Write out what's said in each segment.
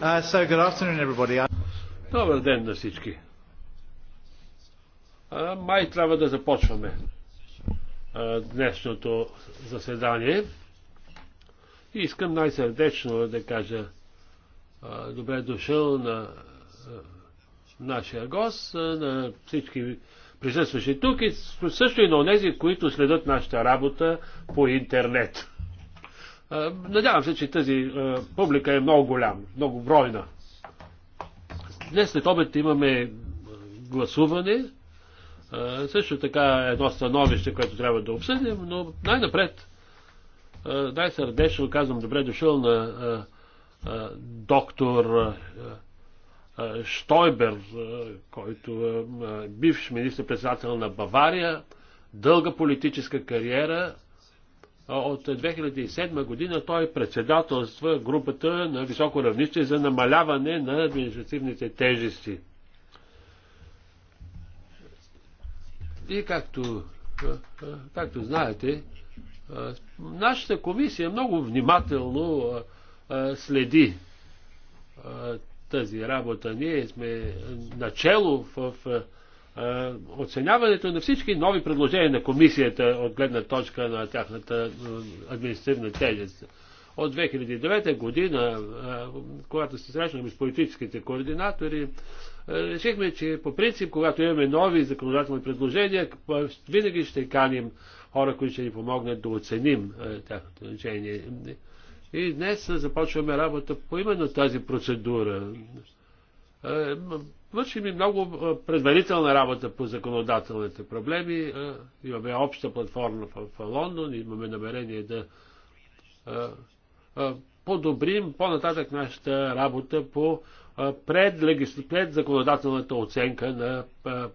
Uh, so good afternoon, everybody. Добър ден на всички. А, май трябва да започваме а, днешното заседание. И искам най-сърдечно да кажа а, добре дошъл на а, нашия гост, а, на всички присъстващи тук и също и на тези, които следят нашата работа по интернет. Надявам се, че тази публика е много голяма, много бройна. Днес след обед имаме гласуване, също така едно становище, което трябва да обсъдим, но най-напред най-сърдечно казвам добре дошъл на доктор Штойбер, който е бивш министр-председател на Бавария, дълга политическа кариера, от 2007 година той председателства групата на високо равнище за намаляване на административните тежести. И както, както знаете, нашата комисия много внимателно следи тази работа. Ние сме начало в е, оценяването на всички нови предложения на комисията от гледна точка на тяхната е, административна тежест. От 2009 година, е, когато се срещнахме с политическите координатори, решихме, че по принцип, когато имаме нови законодателни предложения, винаги ще каним хора, които ще ни помогнат да оценим тяхното значение. И днес започваме работа по именно тази процедура. Вършим и много предварителна работа по законодателните проблеми. Имаме обща платформа в Лондон, имаме намерение да подобрим по-нататък нашата работа по пред, пред законодателната оценка на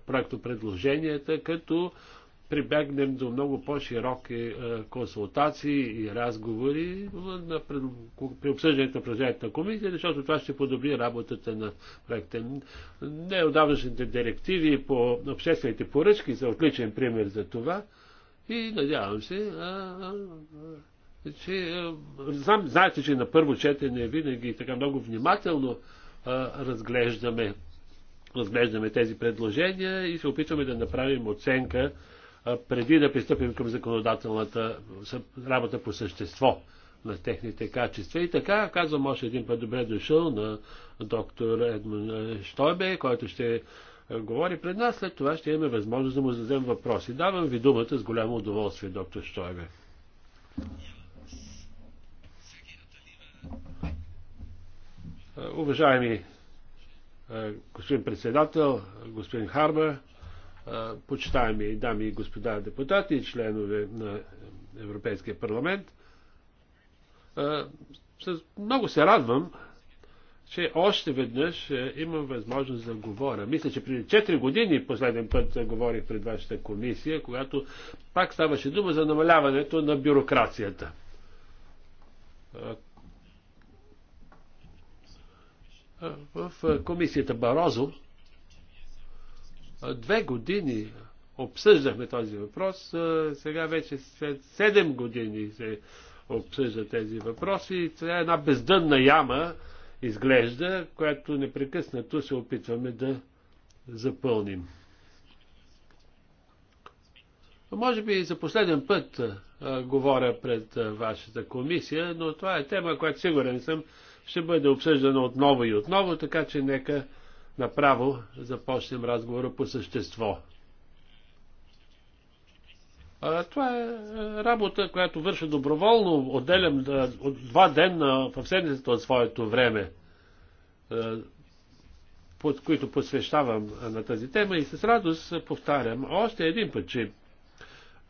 проектопредложенията, като прибегнем до много по-широки е, консултации и разговори при обсъждането на предложението на комисия, защото това ще подобри работата на проекта. Неодавнашните директиви по обществените поръчки са отличен пример за това и надявам се, че, знам, знаете, че на първо четене винаги така много внимателно разглеждаме разглеждаме тези предложения и се опитваме да направим оценка преди да пристъпим към законодателната работа по същество на техните качества. И така, казвам още един път добре дошъл на доктор Едмон Штойбе, който ще говори пред нас. След това ще имаме възможност да му зададем въпроси. Давам ви думата с голямо удоволствие, доктор Штойбе. Уважаеми господин председател, господин Харбър, почитаеми дами и господа депутати и членове на Европейския парламент. Много се радвам, че още веднъж имам възможност да говоря. Мисля, че преди 4 години последен път говорих пред вашата комисия, когато пак ставаше дума за намаляването на бюрокрацията. В комисията Барозо Две години обсъждахме този въпрос, сега вече след седем години се обсъжда тези въпроси. Това е една бездънна яма, изглежда, която непрекъснато се опитваме да запълним. Може би за последен път говоря пред вашата комисия, но това е тема, която сигурен съм ще бъде обсъждана отново и отново, така че нека направо започнем разговора по същество. А, това е, е работа, която върша доброволно. Отделям да, е, от два дена в седмицата от своето време, е, под които посвещавам на тази тема и с радост повтарям още един път, че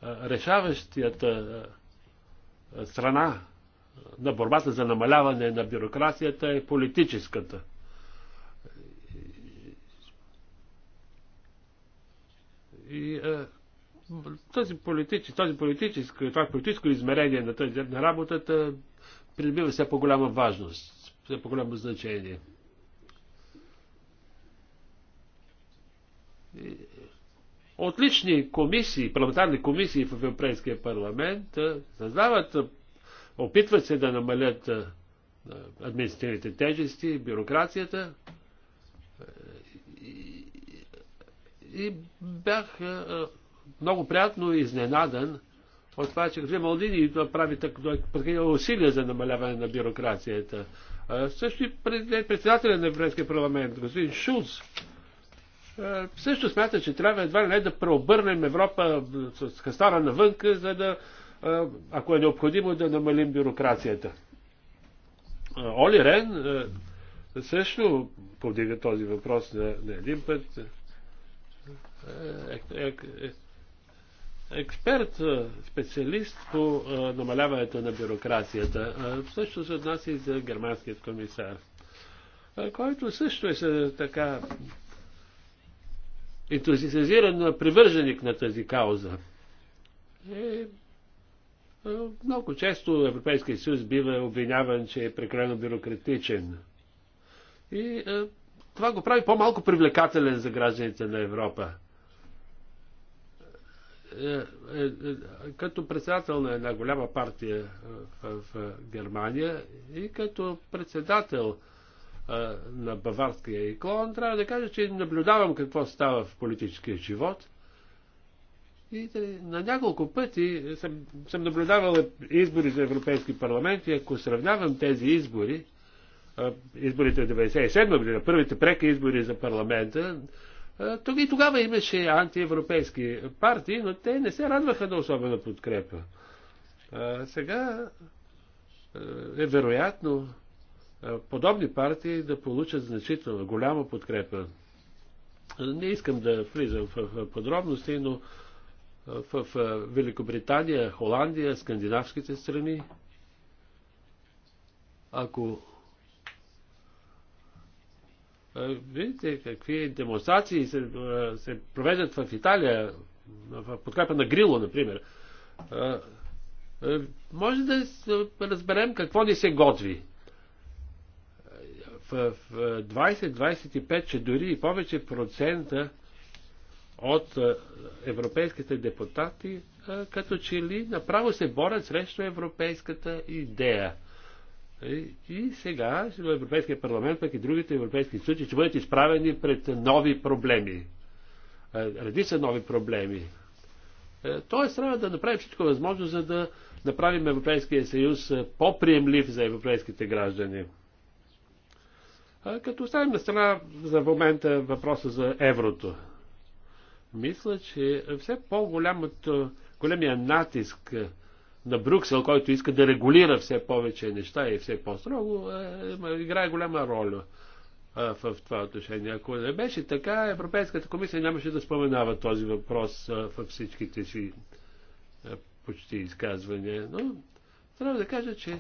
решаващият страна на борбата за намаляване на бюрокрацията е политическата – И а, е, този, политич, този политическо, това политическо измерение на, тази, на работата придобива все по-голяма важност, все по-голямо значение. Отлични комисии, парламентарни комисии в Европейския парламент е, създават, е, опитват се да намалят административните тежести, бюрокрацията, И бях е, много приятно изненадан от това, че Грималдини прави такива усилия за намаляване на бюрокрацията. Също и председателя на Европейския парламент, господин Шулц, е, също смята, че трябва едва ли не да преобърнем Европа с хастара навънка, за да, е, ако е необходимо, да намалим бюрокрацията. Оли Рен също повдига този въпрос на, на един път. Е, е, е, експерт, специалист по намаляването на бюрокрацията. Също се отнася и за германският комисар, който също е така ентузиазиран привърженик на тази кауза. И много често Европейския съюз бива обвиняван, че е прекалено бюрократичен. И това го прави по-малко привлекателен за гражданите на Европа. Е, е, е, като председател на една голяма партия е, в, в Германия и като председател е, на баварския иклон, трябва да кажа, че наблюдавам какво става в политическия живот. И на няколко пъти съм, съм наблюдавал избори за Европейски парламент и ако сравнявам тези избори, изборите от 1997 година, първите преки избори за парламента, тук и тогава имаше антиевропейски партии, но те не се радваха на особена подкрепа. сега е вероятно подобни партии да получат значително голяма подкрепа. Не искам да влизам в подробности, но в Великобритания, Холандия, скандинавските страни, ако Видите какви демонстрации се, се проведат в Италия, в подкрепа на Грило, например. Може да разберем какво ни се готви. В 20-25, че дори и повече процента от европейските депутати, като че ли направо се борят срещу европейската идея. И сега Европейския парламент, пък и другите европейски институции ще бъдат изправени пред нови проблеми. Е, редица нови проблеми. Е, тоест трябва да направим всичко възможно, за да направим Европейския съюз е, по-приемлив за европейските граждани. Като оставим на страна за момента въпроса за еврото. Мисля, че все по големия натиск на Брюксел, който иска да регулира все повече неща и все по-строго, е, играе голяма роля в това отношение. Ако не беше така, Европейската комисия нямаше да споменава този въпрос във всичките си почти изказвания. Но трябва да кажа, че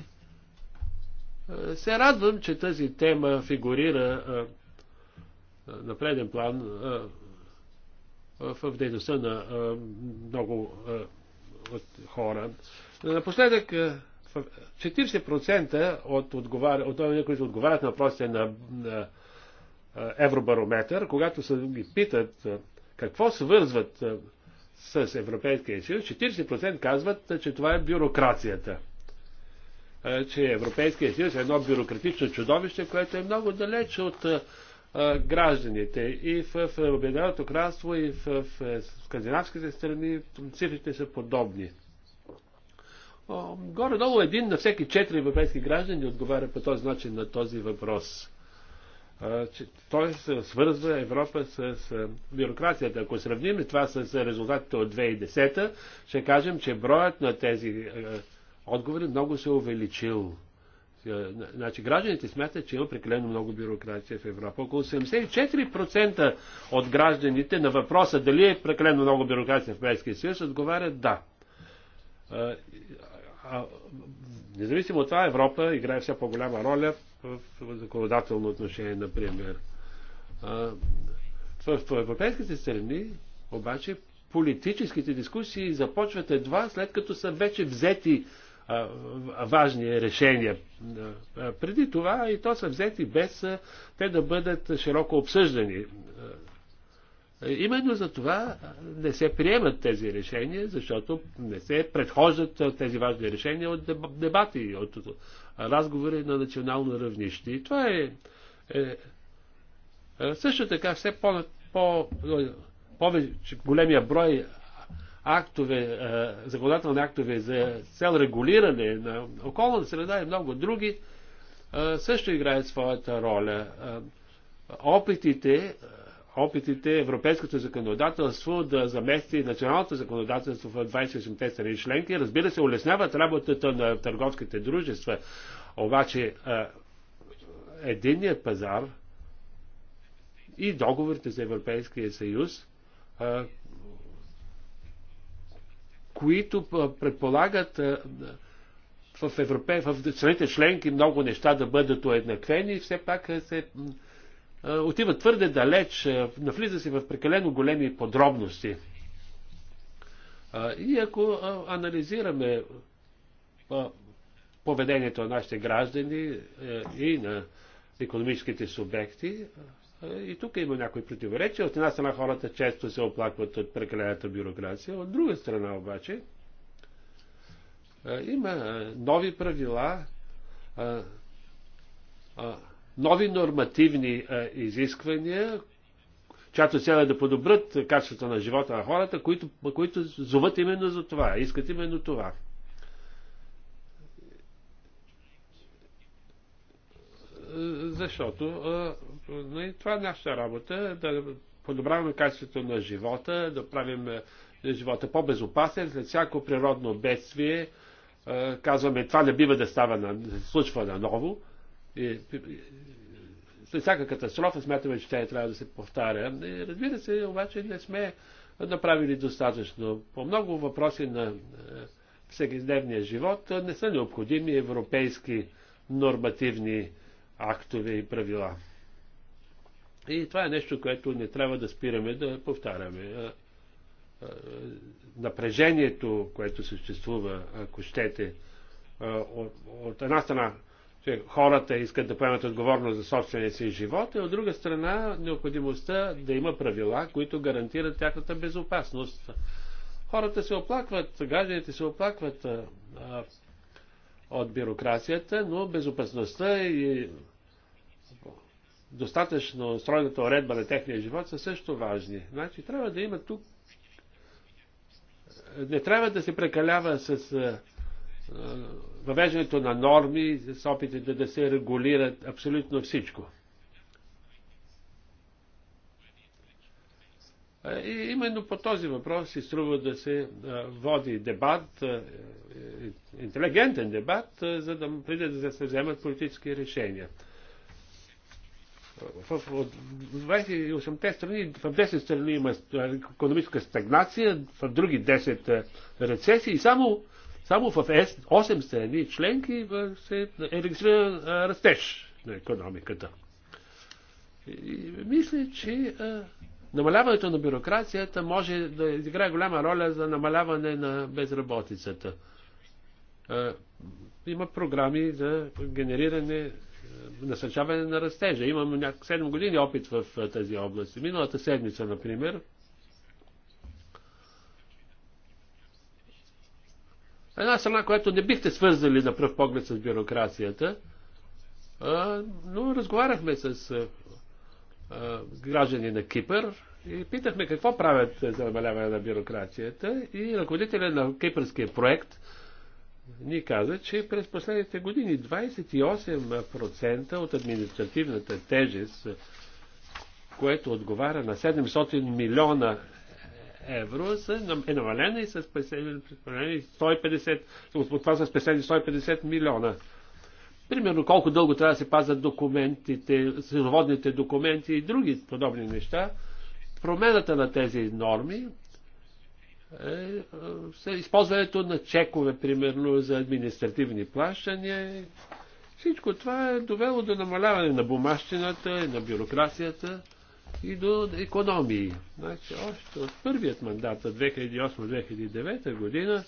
се радвам, че тази тема фигурира на преден план в дейността на много от хора. Напоследък 40% е, от, отговар... от това, които отговарят на въпросите на, на е, Евробарометър, когато се ги питат е, какво свързват с Европейския съюз, 40% казват, че това е бюрокрацията. Че Европейския съюз е едно бюрократично чудовище, което е много далеч от гражданите. И в Обединеното кралство, и в скандинавските страни цифрите са подобни. Горе-долу един на всеки четири европейски граждани отговаря по този начин на този въпрос. Той се свързва Европа с бюрокрацията. Ако сравним това с резултатите от 2010, ще кажем, че броят на тези отговори много се е увеличил. Значи гражданите смятат, че има прекалено много бюрокрация в Европа. Около 74% от гражданите на въпроса дали е прекалено много бюрокрация в Европейския съюз отговарят да независимо от това, Европа играе все по-голяма роля в законодателно отношение, например. А, в, европейските страни, обаче, политическите дискусии започват едва след като са вече взети важни решения. преди това и то са взети без те да бъдат широко обсъждани. Именно за това не се приемат тези решения, защото не се предхождат тези важни решения от дебати, от разговори на национално равнище. И това е, е, е също така все по, по, повече, големия брой актове, е, законодателни актове за цел регулиране на околната среда и много други е, също играят своята роля. Опитите опитите европейското законодателство да замести националното законодателство в 28-те страни членки. Разбира се, улесняват работата на търговските дружества, обаче единният пазар и договорите за Европейския съюз, които предполагат в, Европе, в страните членки много неща да бъдат уеднаквени, все пак се е, отива твърде далеч, е, навлиза се в прекалено големи подробности. Е, и ако анализираме поведението на нашите граждани и на економическите субекти, и тук има някои противоречия. От една страна хората често се оплакват от прекалената бюрокрация, от друга страна обаче има нови правила, нови нормативни е, изисквания, чиято цел е да подобрят качеството на живота на хората, които, които зоват именно за това, искат именно това. Защото е, а, нали, това е нашата работа, да подобраваме качеството на живота, да правим е, живота по-безопасен след всяко природно бедствие. казваме, това не бива да става, на, да се случва наново. ново след всяка катастрофа смятаме, че тя трябва да се повтаря. И, разбира се, обаче не сме направили достатъчно. По много въпроси на е, всекидневния живот е, не са необходими европейски нормативни актове и правила. И това е нещо, което не трябва да спираме да повтаряме. Е, напрежението, което съществува, ако щете, от една страна че хората искат да поемат отговорност за собствения си живот и от друга страна необходимостта да има правила, които гарантират тяхната безопасност. Хората се оплакват, гражданите се оплакват а, от бюрокрацията, но безопасността и достатъчно стройната уредба на техния живот са също важни. Значи трябва да има тук. Не трябва да се прекалява с а, а, въвеждането на норми с опитите да се регулират абсолютно всичко. И именно по този въпрос се струва да се води дебат, е, интелигентен дебат, за да преди да се вземат политически решения. В 28-те страни, в 10 страни има економическа стагнация, в други 10 рецесии и само само в 8 е- страни членки се е регистрира растеж на економиката. И мисля, че намаляването на бюрокрацията може да изиграе голяма роля за намаляване на безработицата. Има програми за генериране, насъчаване на растежа. Имам 7 години опит в тази област. Миналата седмица, например, Една страна, която не бихте свързали на пръв поглед с бюрокрацията, но разговаряхме с граждани на Кипър и питахме какво правят за намаляване на бюрокрацията и ръководителя на кипърския проект ни каза, че през последните години 28% от административната тежест, което отговаря на 700 милиона евро са, е намалена и са спасени 150, от това са спасени 150 милиона. Примерно колко дълго трябва да се пазят документите, силоводните документи и други подобни неща. Промената на тези норми е, е, е използването на чекове, примерно, за административни плащания. Всичко това е довело до намаляване на бумащината и на бюрокрацията и до економии. Значи, още от първият мандат за 2008-2009 година,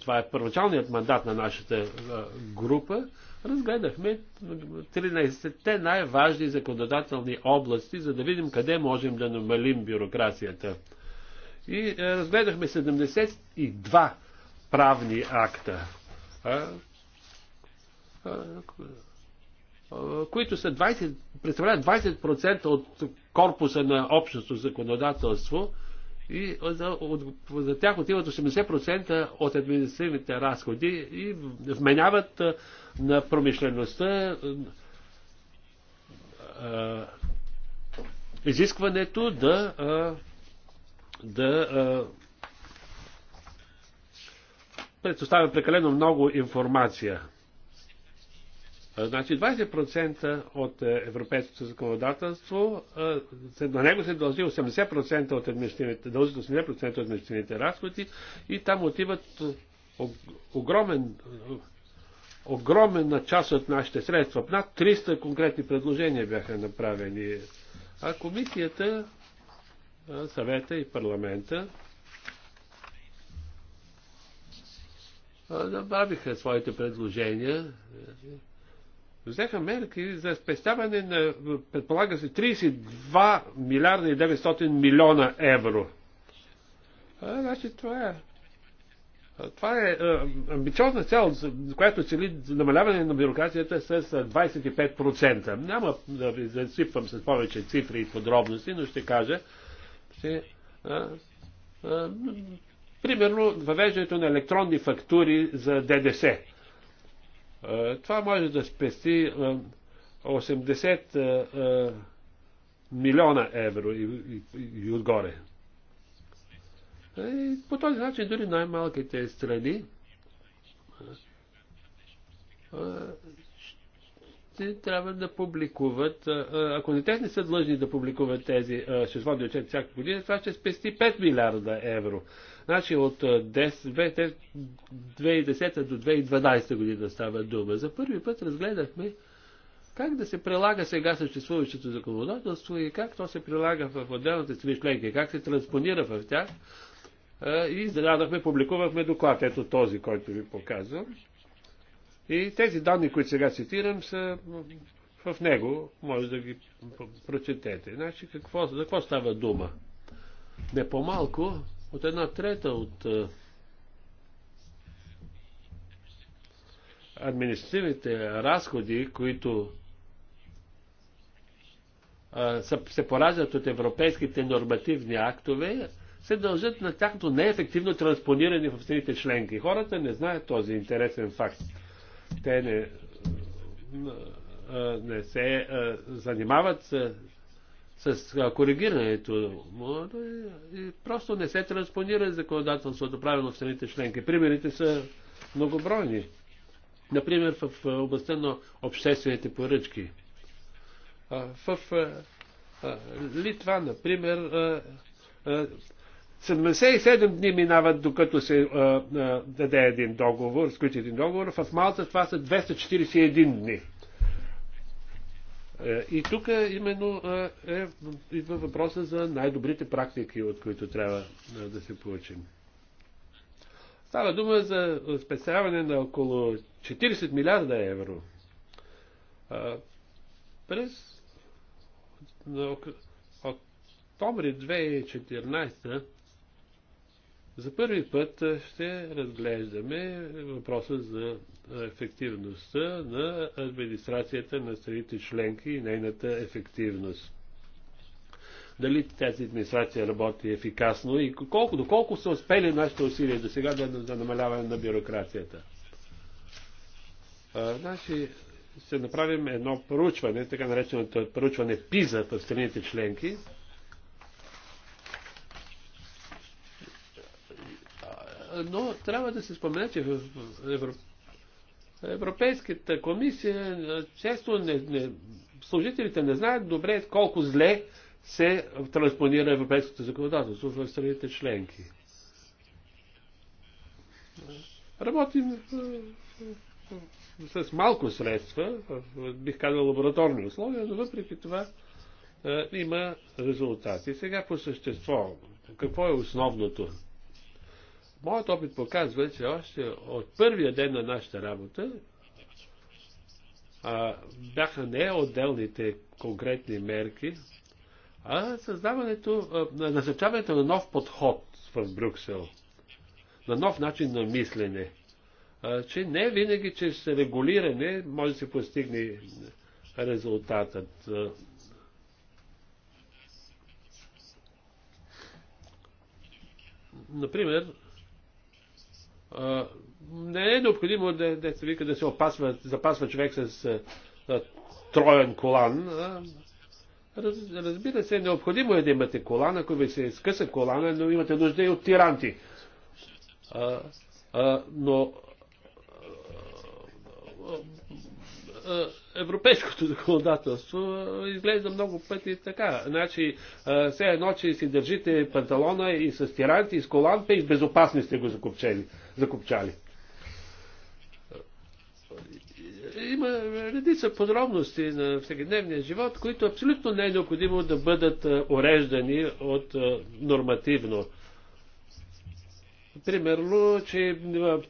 това е първоначалният мандат на нашата група, разгледахме 13-те най-важни законодателни области, за да видим къде можем да намалим бюрокрацията. И разгледахме 72 правни акта които са 20, представляват 20% от корпуса на общото законодателство и за, от, за тях отиват 80% от административните разходи и вменяват на промишлеността изискването да, а, да а, предоставя прекалено много информация. Значи 20% от е, европейското законодателство, на него се дължи 80% от административните, дължи 80% от административните разходи и там отиват огромен, огроменна част от нашите средства. Над 300 конкретни предложения бяха направени. А комисията, съвета и парламента направиха своите предложения взеха мерки за спестяване на, предполага се, 32 милиарда и 900 милиона евро. А, значи това е. Това е амбициозна цел, която цели намаляване на бюрокрацията с 25%. Няма да ви засипвам с повече цифри и подробности, но ще кажа, че а, а, примерно въвеждането на електронни фактури за ДДС е, това може да спести 80 е, е, милиона евро и, и, и отгоре. И по този начин дори най-малките страни ще трябва да публикуват, ако не те не са длъжни да публикуват тези счетоводни отчети всяка година, това ще спести 5 милиарда евро. Значи от 2010 до 2012 година става дума. За първи път разгледахме как да се прилага сега съществуващото законодателство и как то се прилага в отделните страни членки, как се транспонира в тях. И зададахме, публикувахме доклад, ето този, който ви показвам. И тези данни, които сега цитирам, са в него, може да ги прочетете. Значи, какво, за какво става дума? Не по-малко от една трета от е, административните разходи, които е, се пораждат от европейските нормативни актове, се дължат на тяхното неефективно транспониране в страните членки. Хората не знаят този интересен факт. Те не, е, не се занимават с с коригирането му, просто не се транспонира законодателството правилно в страните членки. Примерите са многобройни. Например, в областта на обществените поръчки. В Литва, например, 77 дни минават, докато се даде един договор, сключи един договор. В Малта това са 241 дни. Е, и тук именно е, е, идва въпроса за най-добрите практики, от които трябва е, да се получим. Става дума за спестяване на около 40 милиарда евро. През октомври 2014 за първи път ще разглеждаме въпроса за ефективността на администрацията на страните членки и нейната ефективност. Дали тази администрация работи ефикасно и колко, доколко са успели нашите усилия до сега за, да намаляване на бюрокрацията. значи, ще направим едно проучване, така нареченото проучване ПИЗА в страните членки. Но трябва да се спомена, че в Европа Европейската комисия често не, не, служителите не знаят добре колко зле се транспонира европейското законодателство в страните членки. Работим с малко средства, бих казал лабораторни условия, но въпреки това има резултати. Сега по същество, какво е основното? моят опит показва, че още от първия ден на нашата работа а, бяха не отделните конкретни мерки, а създаването, а, назначаването на нов подход в Брюксел, на нов начин на мислене, а, че не винаги че с регулиране може да се постигне резултатът. Например, не е необходимо да, да се вика да се опасва, запасва човек с а, троен колан. Раз, разбира се, необходимо е да имате колан, ако ви се скъса колана, но имате нужда и от тиранти. А, а, но европейското законодателство изглежда много пъти така. Значи, все едно, че си държите панталона и с тиранти, и с коланпа, и безопасни сте го закупчени закопчали. Има редица подробности на всекидневния живот, които абсолютно не е необходимо да бъдат е, уреждани от е, нормативно. Примерно, че е,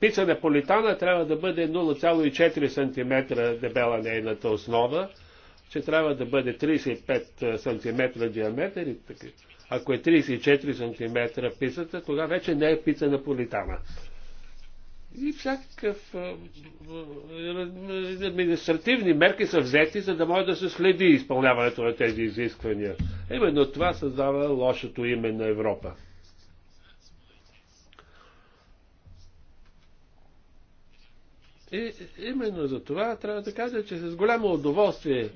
пица политана трябва да бъде 0,4 см дебела нейната основа, че трябва да бъде 35 см диаметър и така. Ако е 34 см пицата, тогава вече не е пица политана. И всякакъв административни мерки са взети, за да може да се следи изпълняването на тези изисквания. Именно това създава лошото име на Европа. И именно за това трябва да кажа, че с голямо удоволствие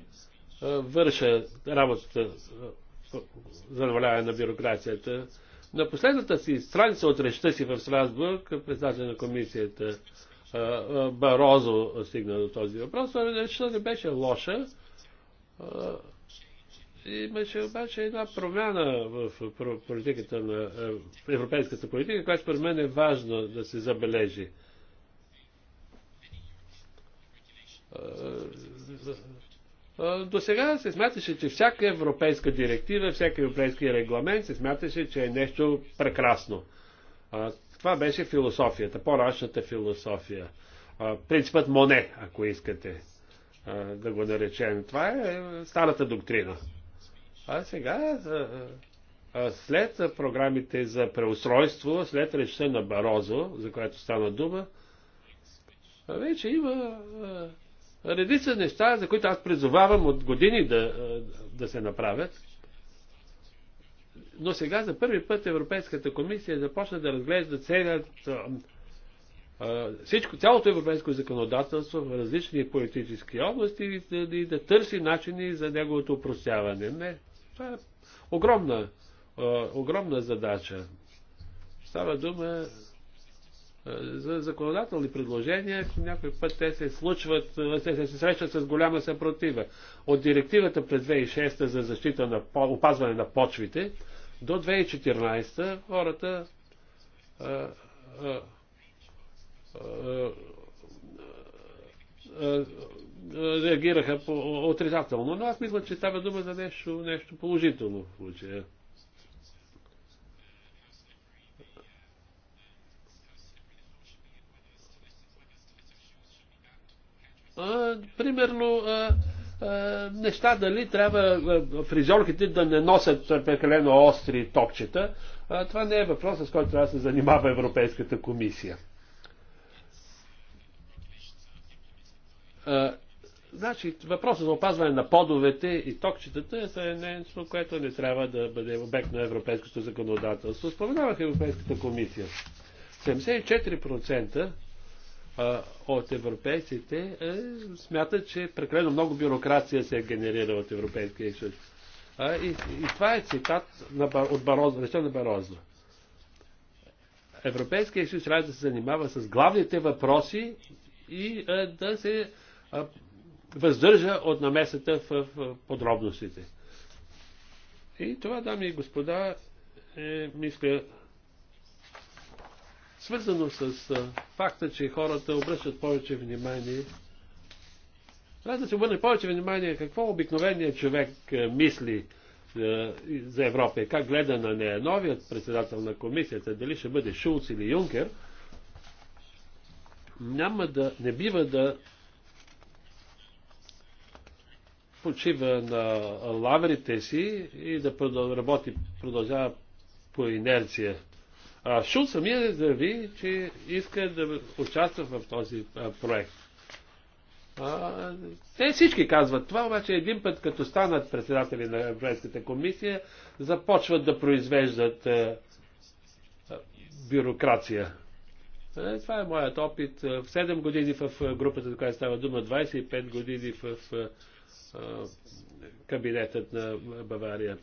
върша работата за наваляване на бюрокрацията. На последната си страница от речта си в Страсбург, председател на комисията Барозо стигна до този въпрос, но речта не беше лоша. Имаше обаче една промяна в политиката на европейската политика, която според мен е важно да се забележи до сега се смяташе, че всяка европейска директива, всеки европейски регламент се смяташе, че е нещо прекрасно. Това беше философията, по-рашната философия. Принципът Моне, ако искате да го наречем. Това е, е старата доктрина. А сега, след програмите за преустройство, след речта на Барозо, за което стана дума, вече има редица неща, за които аз призовавам от години да, да се направят. Но сега за първи път Европейската комисия започна да разглежда целият, всичко, цялото европейско законодателство в различни политически области и да, и да търси начини за неговото упростяване. Не, това е огромна, огромна задача. Става дума е, за законодателни предложения някой път те се случват, те се срещат с голяма съпротива. От директивата през 2006 за защита на опазване на почвите до 2014 хората е, е, реагираха отрицателно, но аз мисля, че става дума за нещо, нещо положително в случая. А, примерно, а, а, неща дали трябва фризьорките да не носят прекалено остри токчета. А, това не е въпрос, с който трябва да се занимава Европейската комисия. А, значи, въпросът за опазване на подовете и токчетата е нещо, което не трябва да бъде обект на европейското законодателство. Споменавах Европейската комисия. 74% от европейците е, смятат, че прекалено много бюрокрация се е генерира от Европейския съюз. И, и това е цитат на, от Барозо, рече на Барозо. Европейския съюз трябва да се занимава с главните въпроси и е, да се въздържа от намесата в, в подробностите. И това, дами и господа, е, мисля, свързано с факта, че хората обръщат повече внимание. Трябва да се обърне повече внимание какво обикновеният човек мисли за Европа и как гледа на нея новият председател на комисията, дали ще бъде Шулц или Юнкер, няма да, не бива да почива на лаврите си и да работи, продължава по инерция. А, Шул самия заяви, че иска да участва в този проект. те всички казват това, обаче един път като станат председатели на Европейската комисия, започват да произвеждат бюрокрация. Е, това е моят опит. В 7 години в групата, за която става дума, 25 години в кабинетът на Бавария.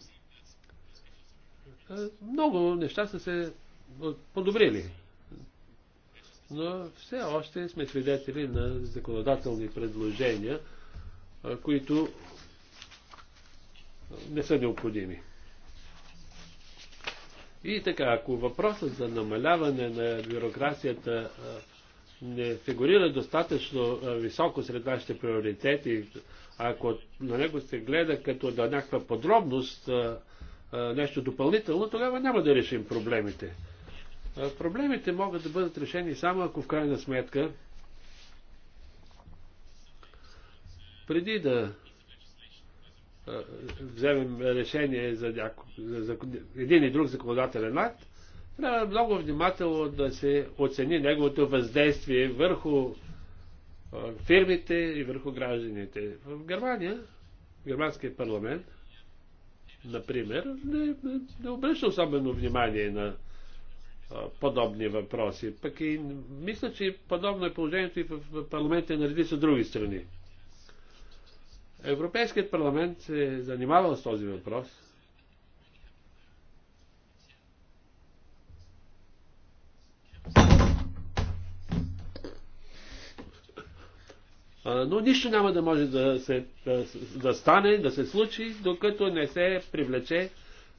Много неща са се подобрили. Но все още сме свидетели на законодателни предложения, които не са необходими. И така, ако въпросът за намаляване на бюрокрацията не фигурира достатъчно високо сред нашите приоритети, ако на него се гледа като на някаква подробност, нещо допълнително, тогава няма да решим проблемите. Проблемите могат да бъдат решени само ако в крайна сметка преди да вземем решение за, няко... за един и друг законодателен акт, трябва много внимателно да се оцени неговото въздействие върху фирмите и върху гражданите. В Германия, в германския парламент, например, не, не обръща особено внимание на подобни въпроси. Пък и мисля, че подобно е положението и в парламента на редица други страни. Европейският парламент се е занимавал с този въпрос. Но нищо няма да може да, се, да, да стане, да се случи, докато не се привлече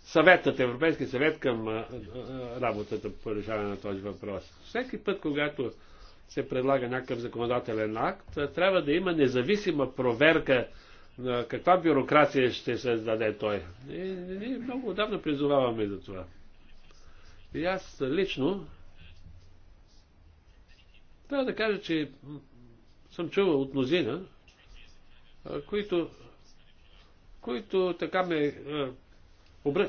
съветът, Европейски съвет към а, а, работата по решаване на този въпрос. Всеки път, когато се предлага някакъв законодателен акт, трябва да има независима проверка на каква бюрокрация ще създаде той. И ние много отдавна призоваваме за това. И аз лично трябва да кажа, че съм чувал от мнозина, които, които така ме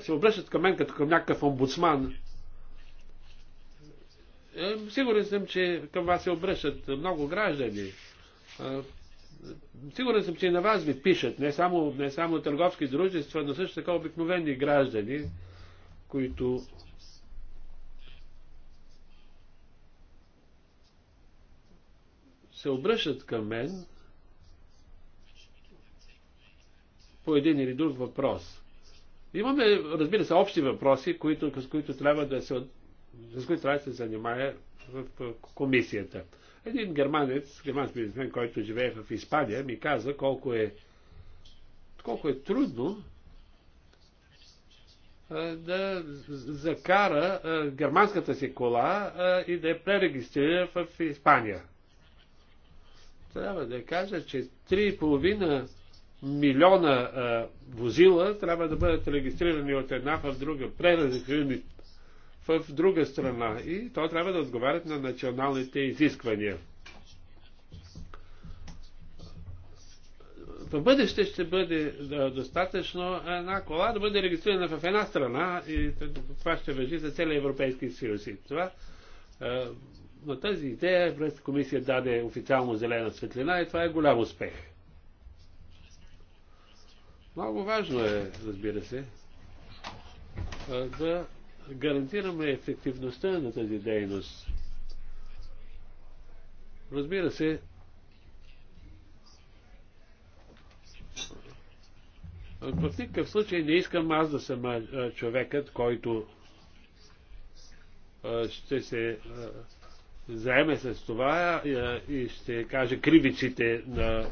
се обръщат към мен като към някакъв омбудсман. Е, сигурен съм, че към вас се обръщат много граждани. Сигурен съм, че и на вас ви пишат, не само, не само търговски дружества, но също така обикновени граждани, които се обръщат към мен по един или друг въпрос. Имаме, разбира се, общи въпроси, които, с, които трябва да се, с които трябва да се занимае в комисията. Един германец, германски бизнесмен, който живее в Испания, ми каза колко е, колко е трудно да закара германската си кола и да я пререгистрира в Испания. Трябва да кажа, че 3,5 милиона а, возила трябва да бъдат регистрирани от една в друга, пререгистрирани в друга страна и то трябва да отговарят на националните изисквания. В бъдеще ще бъде достатъчно една кола да бъде регистрирана в една страна и това ще въжи за целия Европейски съюз. И това, на тази идея Европейската комисия даде официално зелена светлина и това е голям успех. Много важно е, разбира се, да гарантираме ефективността на тази дейност. Разбира се, в никакъв случай не искам аз да съм човекът, който ще се заеме с това и ще каже кривиците на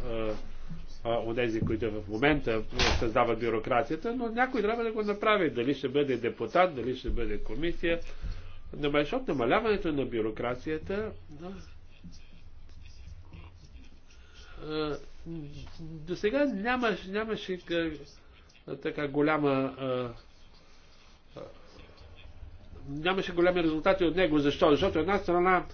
от тези, които в момента създават бюрокрацията, но някой трябва да го направи. Дали ще бъде депутат, дали ще бъде комисия. Защото намаляването на бюрокрацията да, до сега нямаш, нямаше така голяма нямаше големи резултати от него. Защо? Защото една страна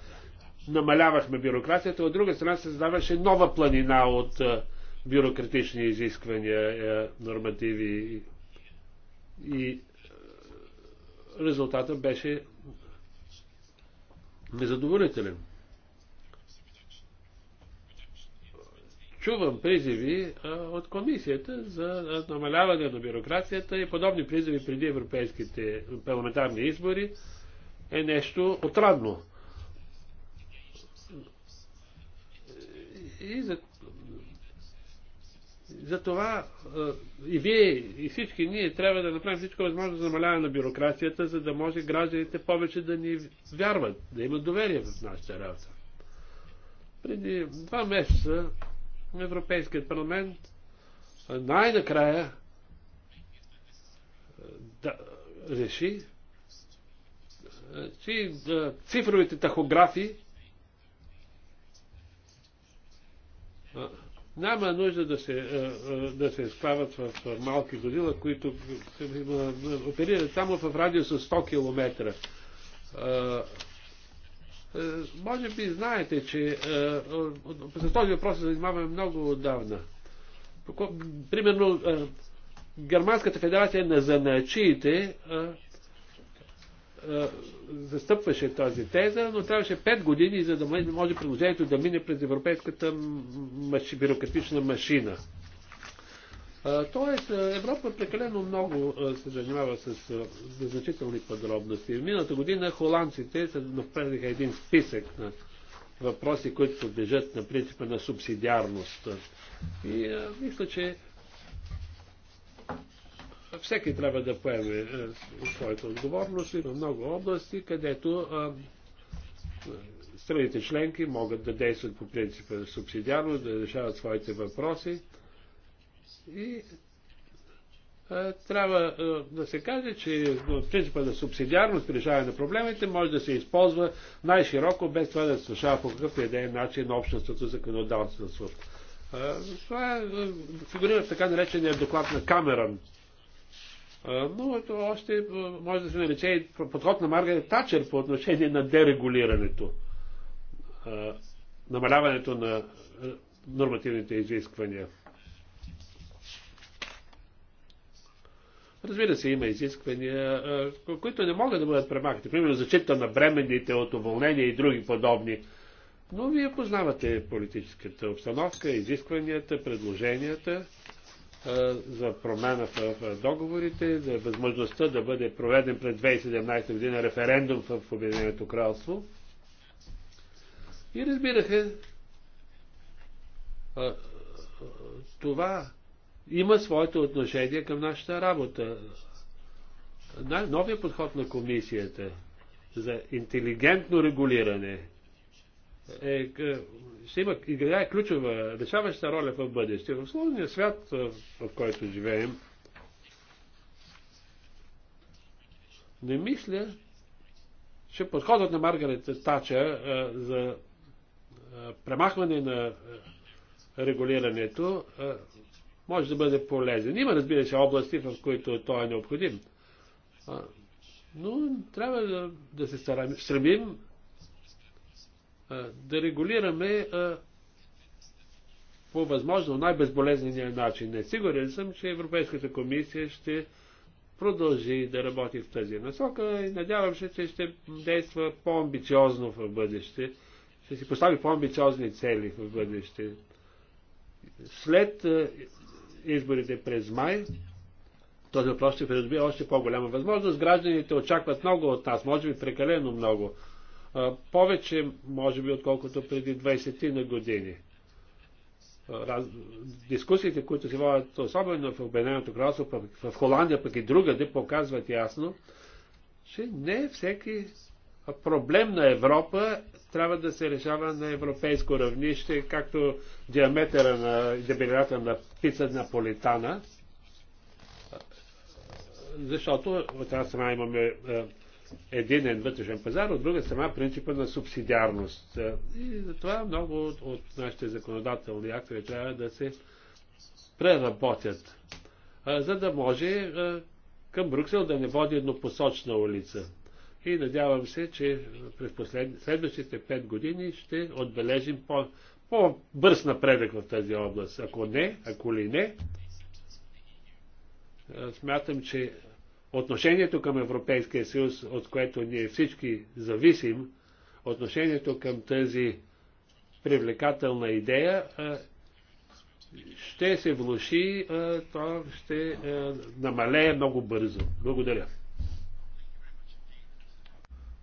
намалявахме бюрокрацията, от друга страна създаваше нова планина от а, бюрократични изисквания, е, нормативи и е, резултата беше незадоволителен. Чувам призиви е, от комисията за намаляване на бюрокрацията и подобни призиви преди европейските парламентарни избори е нещо отрадно. И за за това е, и вие, и всички ние трябва да направим всичко възможно за намаляване на бюрокрацията, за да може гражданите повече да ни вярват, да имат доверие в нашата работа. Преди два месеца Европейският парламент е, най-накрая е, да, реши, че цифровите тахографи няма нужда да се, е, е, да се сплават в малки горила, които е, оперират само в радиус от 100 км. Може би знаете, че за този въпрос се занимаваме много отдавна. Примерно, Германската федерация на занаячиите застъпваше тази теза, но трябваше 5 години, за да може предложението да мине през европейската маши, бюрократична машина. Тоест, Европа прекалено много се занимава с значителни подробности. Миналата година холандците направиха един списък на въпроси, които подлежат на принципа на субсидиарност. И а, мисля, че всеки трябва да поеме е, своята отговорност. Има много области, където страните членки могат да действат по принципа на субсидиарност, да решават своите въпроси. И трябва да се каже, че принципа на субсидиарност при решаване на проблемите може да се използва най-широко, без това да се по какъв и да е начин общностното законодателство. Това е, фигурира в така наречения доклад на Камеран но ето още може да се нарече и подход на Маргарет Тачер по отношение на дерегулирането, намаляването на нормативните изисквания. Разбира се, има изисквания, които не могат да бъдат премахнати. Примерно защита на бременните от уволнения и други подобни. Но вие познавате политическата обстановка, изискванията, предложенията за промяна в договорите, за възможността да бъде проведен през 2017 година референдум в Обединеното кралство. И разбирахе, това има своето отношение към нашата работа. Новия подход на комисията за интелигентно регулиране – е, е, ще има, играе ключова, решаваща роля в бъдеще. В сложния свят, е, в който живеем, не мисля, че подходът на Маргарет Тача е, за премахване на регулирането може да бъде полезен. Има, разбира се, области, в които той е необходим. Но трябва да, да се стремим да регулираме по възможно най-безболезнения начин. Не сигурен съм, че Европейската комисия ще продължи да работи в тази насока и надявам се, че ще действа по-амбициозно в бъдеще, ще си постави по-амбициозни цели в бъдеще. След изборите през май, този въпрос ще придобие още по-голяма възможност. Гражданите очакват много от нас, може би прекалено много повече, може би, отколкото преди 20 ти на години. Раз... Дискусиите, които се водят, особено в Обединеното кралство, в Холандия, пък и другаде, показват ясно, че не всеки проблем на Европа трябва да се решава на европейско равнище, както диаметъра на дебелината на пица политана. защото от тази страна имаме е, единен вътрешен пазар, от друга страна принципа на субсидиарност. Е, и затова много от нашите законодателни актове трябва да се преработят, за да може към Брюксел да не води еднопосочна улица. И надявам се, че през послед... следващите 5 години ще отбележим по... по-бърз напредък в тази област. Ако не, ако ли не, смятам, че отношението към Европейския съюз, от което ние всички зависим, отношението към тази привлекателна идея ще се влуши, то ще намалее много бързо. Благодаря.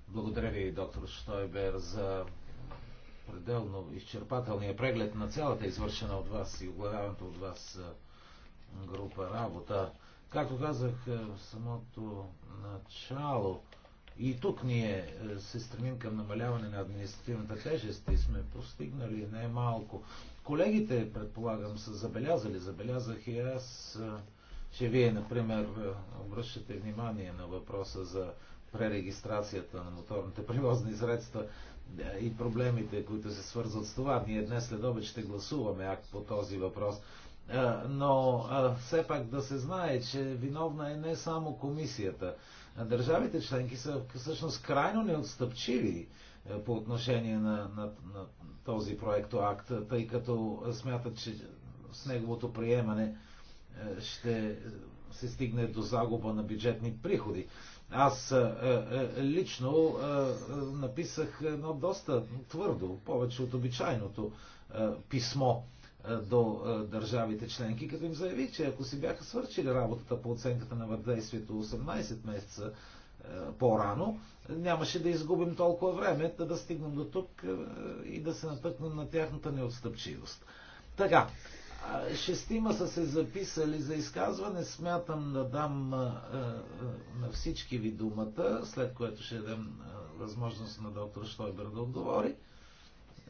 Благодаря ви, доктор Штойбер, за пределно изчерпателния преглед на цялата извършена от вас и оглавяваната от вас група работа. Както казах е, в самото начало, и тук ние е, се стремим към намаляване на административната тежест и сме постигнали най-малко. Колегите, предполагам, са забелязали, забелязах и аз, е, че вие, например, обръщате внимание на въпроса за пререгистрацията на моторните превозни средства и проблемите, които се свързват с това. Ние днес след обед ще гласуваме акт по този въпрос но все пак да се знае, че виновна е не само комисията. Държавите членки са всъщност крайно неотстъпчиви по отношение на, на, на този проектоакт, тъй като смятат, че с неговото приемане ще се стигне до загуба на бюджетни приходи. Аз лично написах едно доста твърдо, повече от обичайното писмо до държавите членки, като им заяви, че ако си бяха свърчили работата по оценката на въздействието 18 месеца по-рано, нямаше да изгубим толкова време да, да стигнем до тук и да се натъкнем на тяхната неотстъпчивост. Така, шестима са се записали за изказване. Смятам да дам на всички ви думата, след което ще дадем възможност на доктор Штойбер да отговори.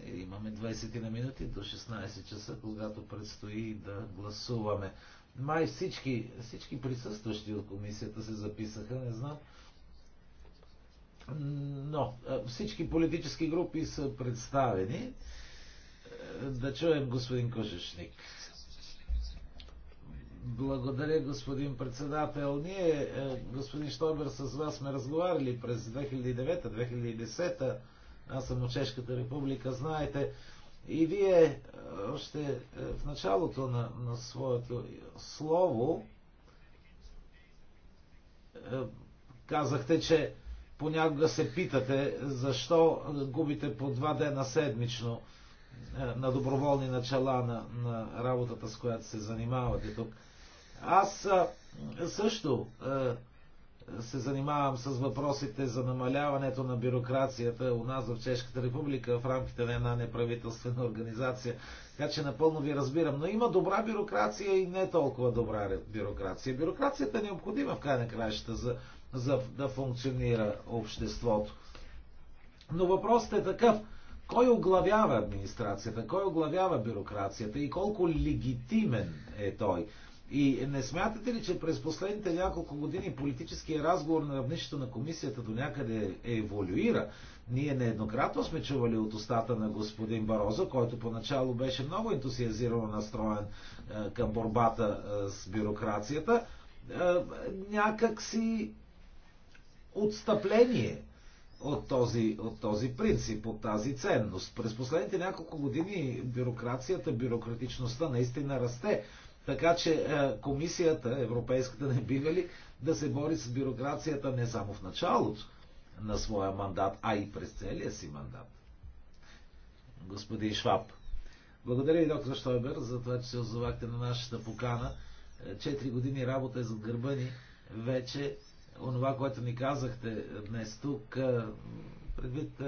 Е, имаме 20 на минути до 16 часа, когато предстои да гласуваме. Май всички, всички присъстващи от комисията се записаха, не знам. Но е, всички политически групи са представени. Е, да чуем господин Кошечник. Благодаря, господин председател. Ние, господин Штобер, с вас сме разговаряли през 2009-2010 аз съм от Чешката република, знаете. И вие е, още е, в началото на, на своето слово е, казахте, че понякога се питате защо губите по два дена седмично на доброволни начала на, на работата, с която се занимавате тук. Аз също се занимавам с въпросите за намаляването на бюрокрацията у нас в Чешката република в рамките на една неправителствена организация. Така че напълно ви разбирам. Но има добра бюрокрация и не толкова добра бюрокрация. Бюрокрацията е необходима в край на краищата за, за да функционира обществото. Но въпросът е такъв. Кой оглавява администрацията? Кой оглавява бюрокрацията? И колко легитимен е той? И не смятате ли, че през последните няколко години политическия разговор на равнището на комисията до някъде еволюира? Ние нееднократно сме чували от устата на господин Барозо, който поначало беше много ентусиазирано настроен е, към борбата е, с бюрокрацията, е, някак си отстъпление от този, от този принцип, от тази ценност. През последните няколко години бюрокрацията, бюрократичността наистина расте. Така че е, комисията, европейската не бива ли, да се бори с бюрокрацията не само в началото на своя мандат, а и през целия си мандат. Господин Шваб, благодаря ви, доктор Штойбер, за това, че се озовахте на нашата покана. Е, четири години работа е зад гърба ни. Вече онова, което ни казахте днес тук, е, предвид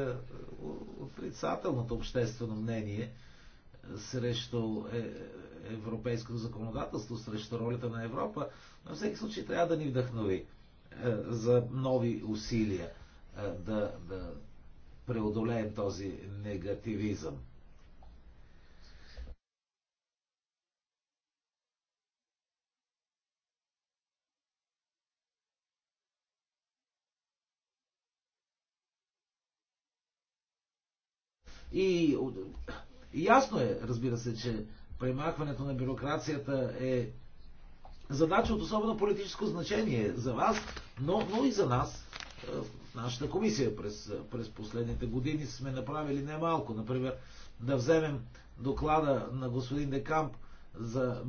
отрицателното обществено мнение, срещу е, европейското законодателство, срещу ролята на Европа, на всеки случай трябва да ни вдъхнови е, за нови усилия е, да, да преодолеем този негативизъм. И Ясно е, разбира се, че премахването на бюрокрацията е задача от особено политическо значение за вас, но, но и за нас в нашата комисия през, през последните години сме направили немалко. Например, да вземем доклада на господин Декамп за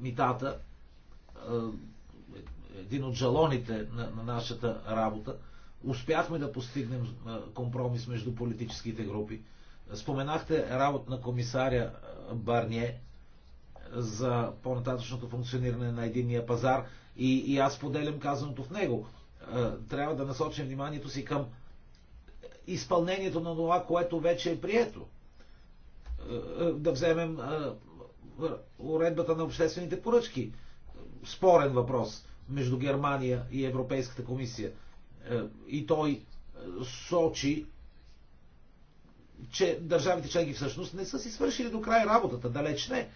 митата, е, един от жалоните на, на нашата работа, успяхме да постигнем компромис между политическите групи. Споменахте работа на комисаря Барние за по-нататъчното функциониране на единния пазар и, и аз поделям казаното в него. Трябва да насочим вниманието си към изпълнението на това, което вече е прието. Да вземем уредбата на обществените поръчки. Спорен въпрос между Германия и Европейската комисия. И той сочи че държавите членки всъщност не са си свършили до край работата, далеч не,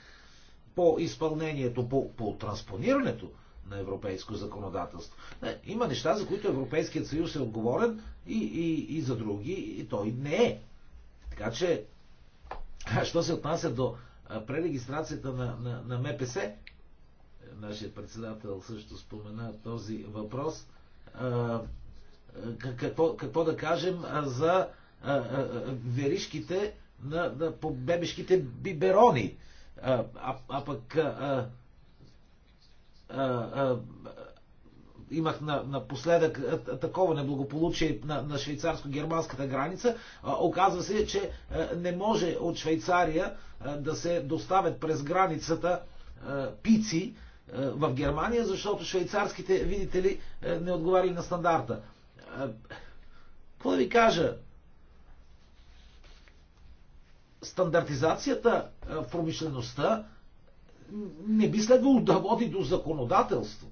по изпълнението, по, по транспонирането на европейско законодателство. Не, има неща, за които Европейският съюз е отговорен и, и, и за други, и той не е. Така че, що се отнася до пререгистрацията на, на, на МПС, е, нашия председател също спомена този въпрос, какво, какво да кажем за веришките на, на, по бебешките биберони. А, а, а пък а, а, а, имах на, напоследък такова неблагополучие на, на швейцарско-германската граница. А, оказва се, че а, не може от Швейцария а, да се доставят през границата а, пици а, в Германия, защото швейцарските, видите ли, а, не отговаря на стандарта. какво да ви кажа? стандартизацията е, в промишлеността не би следвало да води до законодателство.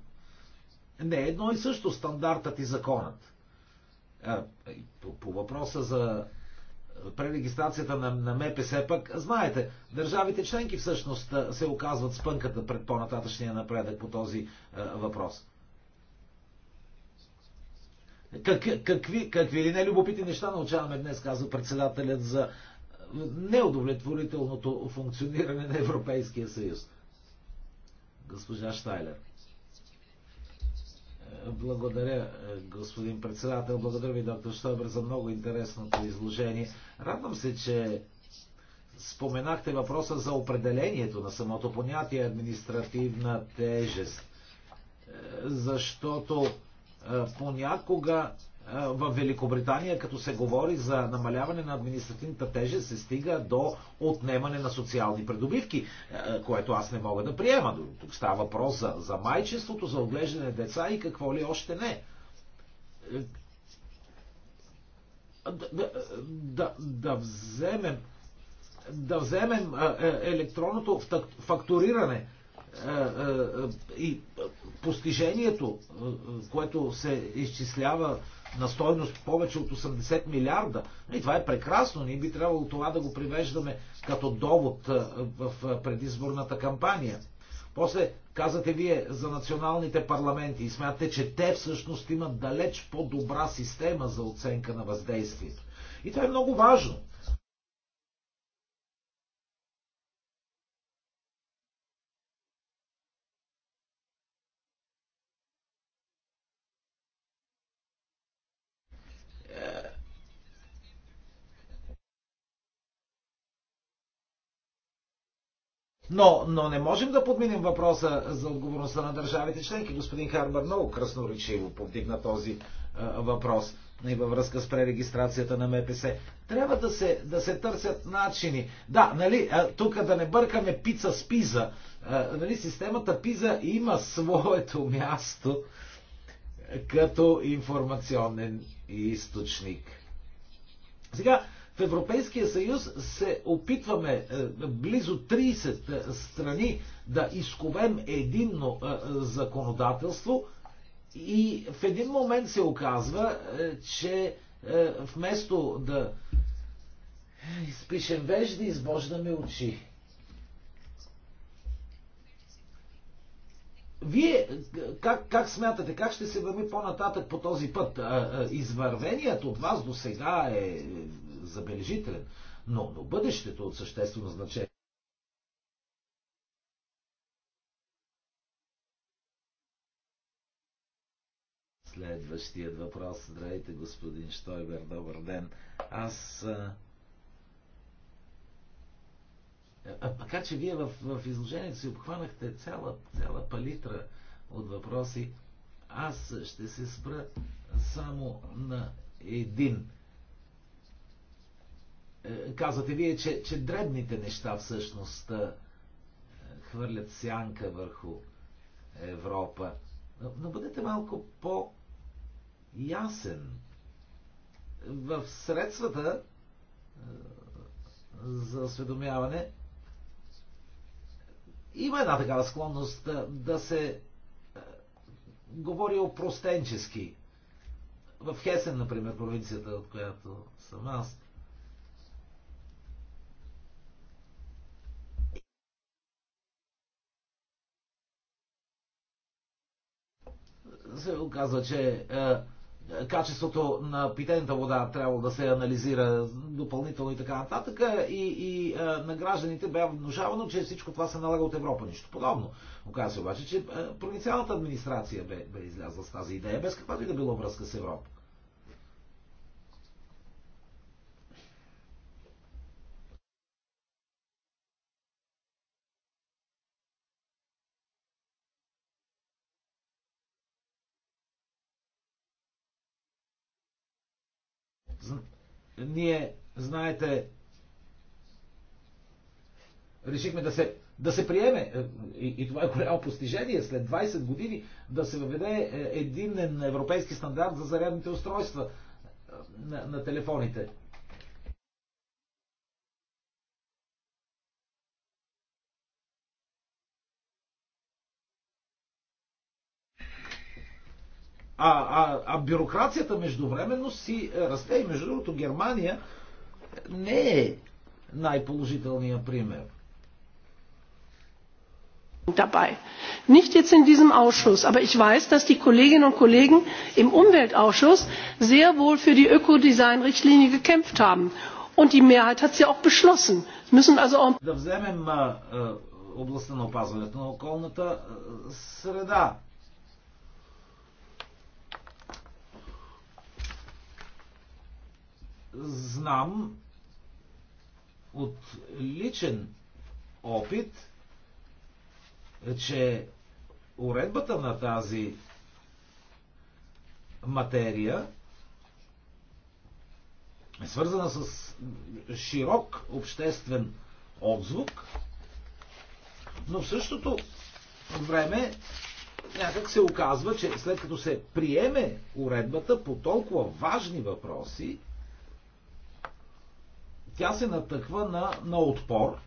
Не е едно и също стандартът и законът. Е, по, по въпроса за пререгистрацията на, на МПС пък, знаете, държавите членки всъщност е, се оказват спънката пред по-нататъчния напредък по този е, въпрос. Как, какви, какви ли нелюбопитни неща научаваме днес, казва председателят за неудовлетворителното функциониране на Европейския съюз. Госпожа Штайлер. Благодаря, господин председател. Благодаря ви, доктор Штойбер, за много интересното изложение. Радвам се, че споменахте въпроса за определението на самото понятие административна тежест. Е, защото е, понякога в Великобритания, като се говори за намаляване на административната тежест, се стига до отнемане на социални придобивки, което аз не мога да приема. Тук става въпрос за, за майчеството, за отглеждане на деца и какво ли още не. Да, да, да вземем да вземем е, електронното фактуриране и постижението, което се изчислява на стойност повече от 80 милиарда. И това е прекрасно. Ние би трябвало това да го привеждаме като довод е, в е, предизборната кампания. После казвате вие за националните парламенти и смятате, че те всъщност имат далеч по-добра система за оценка на въздействието. И това е много важно. Но, но не можем да подминем въпроса за отговорността на държавите членки. Господин Харбър много красноречиво повдигна този а, е, въпрос и нали, във връзка с пререгистрацията на МПС. Трябва да се, да се търсят начини. Да, нали, е, тук да не бъркаме пица с пиза. Е, нали, системата пиза има своето място като информационен източник. Сега, в Европейския съюз се опитваме е, близо 30 е, страни да изковем единно е, законодателство и в един момент се оказва, че вместо да изпишем вежди, избождаме очи. Вие как, как смятате, как ще се върви по-нататък по този път? Извървеният от вас до сега е забележителен, но, но бъдещето от съществено значение Следващият въпрос. Здравейте, господин Штойбер. Добър ден. Аз... А, а, така че вие в, в изложението си обхванахте цяла, цяла палитра от въпроси. Аз ще се спра само на един. Е, казвате вие, че, че дребните неща всъщност е, хвърлят сянка върху Европа. Но бъдете малко по-ясен. В средствата е, за осведомяване има една такава склонност да, да се говори опростенчески. В Хесен, например, провинцията, от която съм аз, се оказа, че е, е, качеството на питената вода трябва да се анализира допълнително и така нататък. И, и а, е, на гражданите бе внушавано, че всичко това се налага от Европа. Нищо подобно. Оказва се обаче, че а, провинциалната администрация бе, бе излязла с тази идея, без каквато и да било връзка с Европа. Ние, знаете, решихме да се, да се приеме, е, и, и това е голямо постижение, след 20 години да се въведе е, единен европейски стандарт за зарядните устройства е, на, на телефоните. А, а, а бюрокрацията междувременно си расте и между другото Германия не е най-положителният пример. dabei. Nicht jetzt in diesem Ausschuss, aber ich weiß, dass die Kolleginnen und Kollegen im Umweltausschuss sehr wohl für die Ökodesign-Richtlinie gekämpft haben. Und die Mehrheit hat sie auch beschlossen. Es müssen also auch... Da вземем äh, знам от личен опит, че уредбата на тази материя е свързана с широк обществен отзвук, но в същото време някак се оказва, че след като се приеме уредбата по толкова важни въпроси, тя се натъква на, на отпор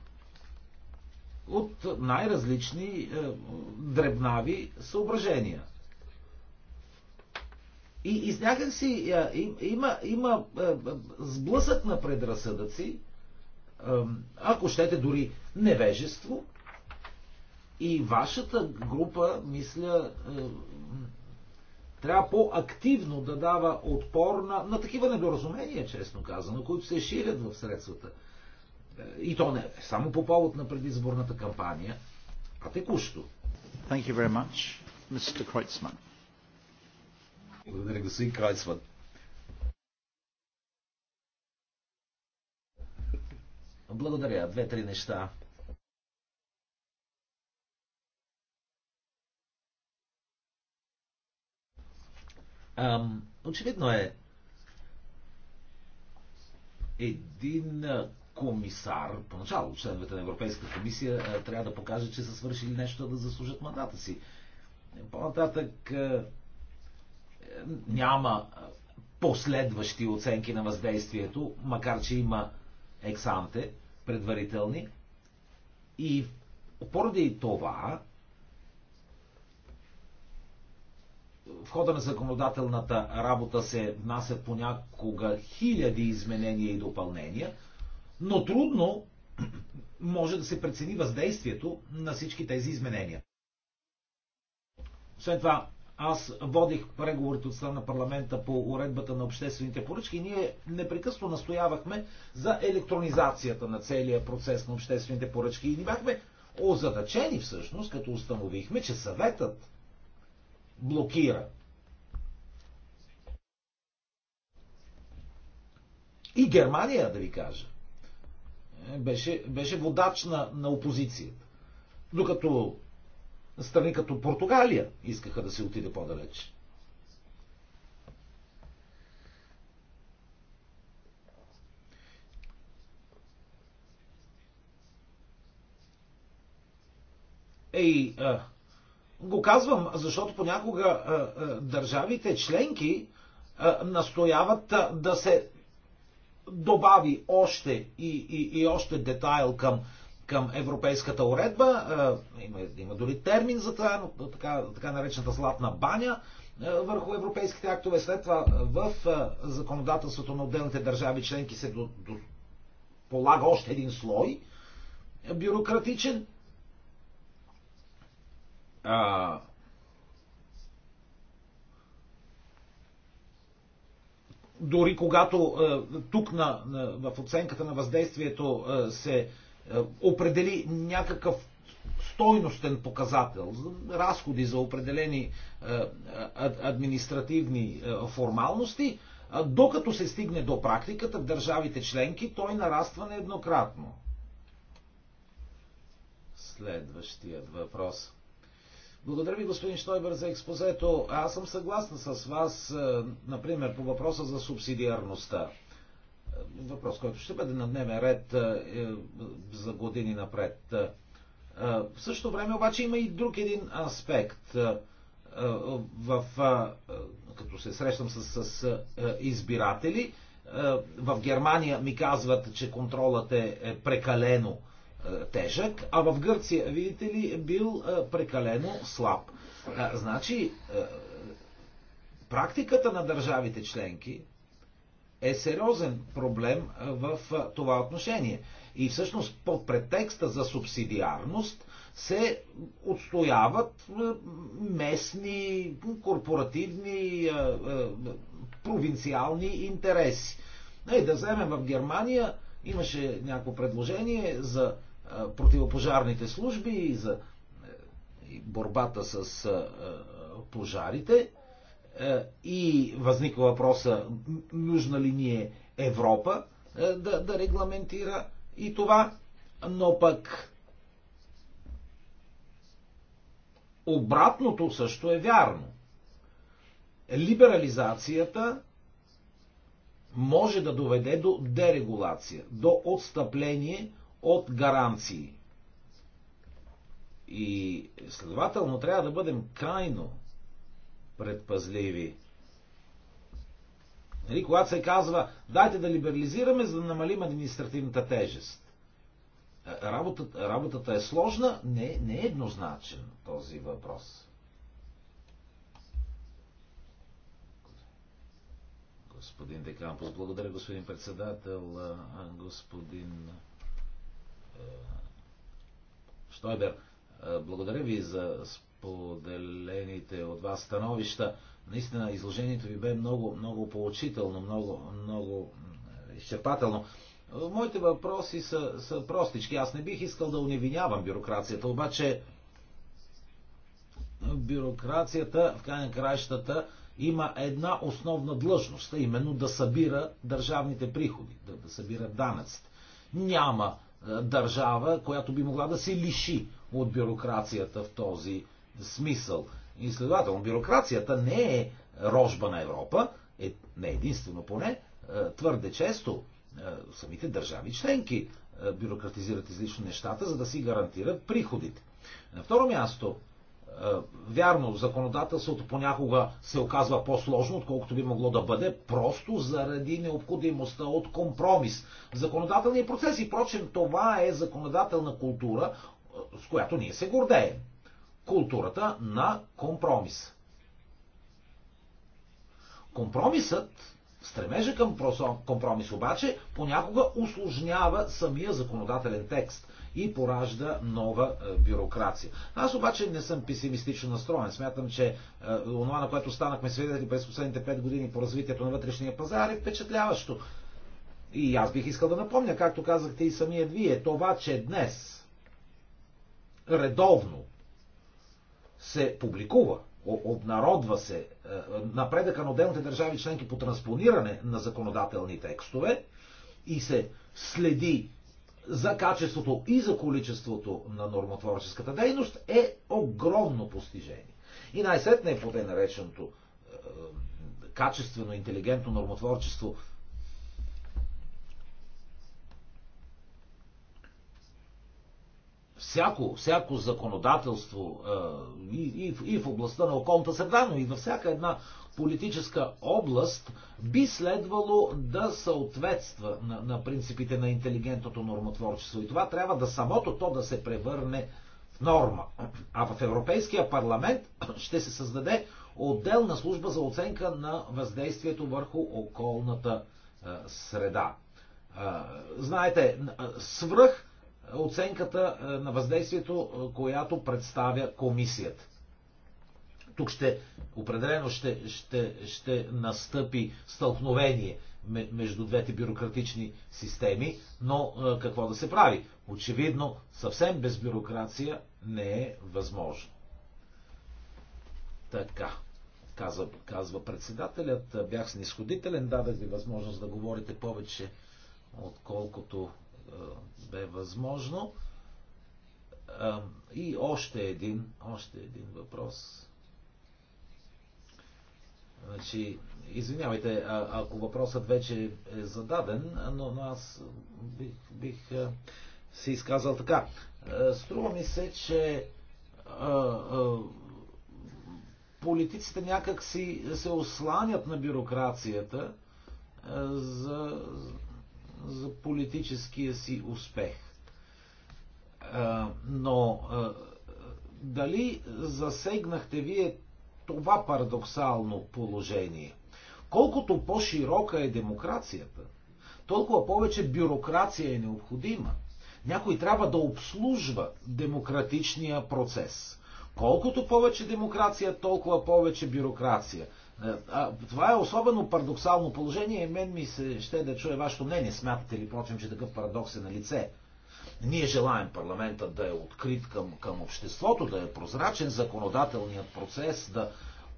от най-различни е, дребнави съображения. И, и някак си е, им, има, има е, сблъсък на предразсъдъци, е, ако щете дори невежество, и вашата група, мисля, е, трябва по-активно да дава отпор на, на такива недоразумения, честно казано, които се ширят в средствата. Е, и то не само по повод на предизборната кампания, а текущо. Thank you very much, Mr. Kreutzmann. Благодаря, господин Крайцман. Благодаря. Две-три неща. Ам, очевидно е един комисар, поначало членовете на Европейска комисия трябва да покаже, че са свършили нещо да заслужат мандата си. По-нататък няма последващи оценки на въздействието, макар че има ексанте, предварителни. И поради това в хода на законодателната работа се внасят понякога хиляди изменения и допълнения, но трудно може да се прецени въздействието на всички тези изменения. След това аз водих преговорите от страна на парламента по уредбата на обществените поръчки и ние непрекъсно настоявахме за електронизацията на целия процес на обществените поръчки и ни бяхме озадачени всъщност, като установихме, че съветът блокира. И Германия, да ви кажа, е, беше, беше водач на, на опозицията. Докато страни като Португалия искаха да се отиде по-далеч. Ей, а, го казвам, защото понякога е, е, държавите членки е, настояват да се добави още и, и, и още детайл към, към европейската уредба. Има, има дори термин за това, така, така наречената златна баня върху европейските актове. След това в законодателството на отделните държави членки се до, до, полага още един слой бюрократичен а, дори когато тук на, на, в оценката на въздействието се определи някакъв стойностен показател, разходи за определени административни формалности, докато се стигне до практиката в държавите членки, той нараства нееднократно. Следващият въпрос. Благодаря ви, господин Штойбер, за експозето. Аз съм съгласна с вас, е, например, по въпроса за субсидиарността. Е, въпрос, който ще бъде на дневен ред е, за години напред. В същото време обаче има и друг един аспект. В, като се срещам с, с избиратели, в Германия ми казват, че контролът е прекалено тежък, а в Гърция, видите ли, бил прекалено слаб. Значи, практиката на държавите членки е сериозен проблем в това отношение. И всъщност под претекста за субсидиарност се отстояват местни, корпоративни, провинциални интереси. да вземем в Германия, имаше някакво предложение за противопожарните служби и за е, борбата с пожарите. Е, и възниква въпроса, нужна ли ни е Европа е, да, да регламентира и това, но пък обратното също е вярно. Либерализацията може да доведе до дерегулация, до отстъпление от гаранции. И следователно трябва да бъдем крайно предпазливи. Нали, когато се казва, дайте да либерализираме, за да намалим административната тежест. Е, работата, работата е сложна, не, не е еднозначен този въпрос. Господин Декампус, благодаря господин председател, е, господин Штойбер, благодаря ви за споделените от вас становища. Наистина, изложението ви бе много, много поучително, много, много изчерпателно. Моите въпроси са, са простички. Аз не бих искал да уневинявам бюрокрацията, обаче бюрокрацията, в край на краищата, има една основна длъжност, а именно да събира държавните приходи, да, да събира данъците. Няма е, държава, която би могла да се лиши от бюрокрацията в този смисъл. И следователно, бюрокрацията не е рожба на Европа, е, не е единствено поне, е, твърде често самите държави членки бюрократизират излишно нещата, за да си гарантират приходите. На второ място, е, вярно, законодателството понякога се оказва по-сложно, отколкото би могло да бъде, просто заради необходимостта от компромис. Законодателният процес и прочен, това е законодателна култура, е, с която ние се гордеем. Културата на компромис. Компромисът Стремежа към компромис обаче понякога усложнява самия законодателен текст и поражда нова е, бюрокрация. Аз обаче не съм песимистично настроен. Смятам, че е, онова, на което станахме свидетели през последните 5 години по развитието на вътрешния пазар е впечатляващо. И аз бих искал да напомня, както казахте и самия вие, това, че днес редовно се публикува обнародва се е, напредъка на отделните държави членки по транспониране на законодателни текстове и се следи за качеството и за количеството на нормотворческата дейност е огромно постижение. И най-сетне е по те нареченото е, качествено, интелигентно нормотворчество всяко, всяко законодателство и, и, и в областта на околната среда, но и във всяка една политическа област би следвало да съответства на, на принципите на интелигентното нормотворчество. И това трябва да самото то да се превърне в норма. А в Европейския парламент ще се създаде отделна служба за оценка на въздействието върху околната среда. Знаете, свръх оценката е, на въздействието, е, която представя комисията. Тук ще, определено ще, ще, ще настъпи стълкновение между двете бюрократични системи, но е, какво да се прави? Очевидно, съвсем без бюрокрация не е възможно. Така, казва, казва председателят, бях снисходителен, дадах ви възможност да говорите повече, отколкото бе възможно. И още един, още един въпрос. Значи, извинявайте, ако въпросът вече е зададен, но, но аз бих, бих се изказал така. струва ми се, че политиците някак си се осланят на бюрокрацията за, за политическия си успех. Но дали засегнахте вие това парадоксално положение? Колкото по-широка е демокрацията, толкова повече бюрокрация е необходима. Някой трябва да обслужва демократичния процес. Колкото повече демокрация, толкова повече бюрокрация – е, това е особено парадоксално положение и мен ми се ще да чуя вашето мнение. Смятате ли, прочим, че такъв парадокс е на лице? Ние желаем парламента да е открит към, към обществото, да е прозрачен, законодателният процес да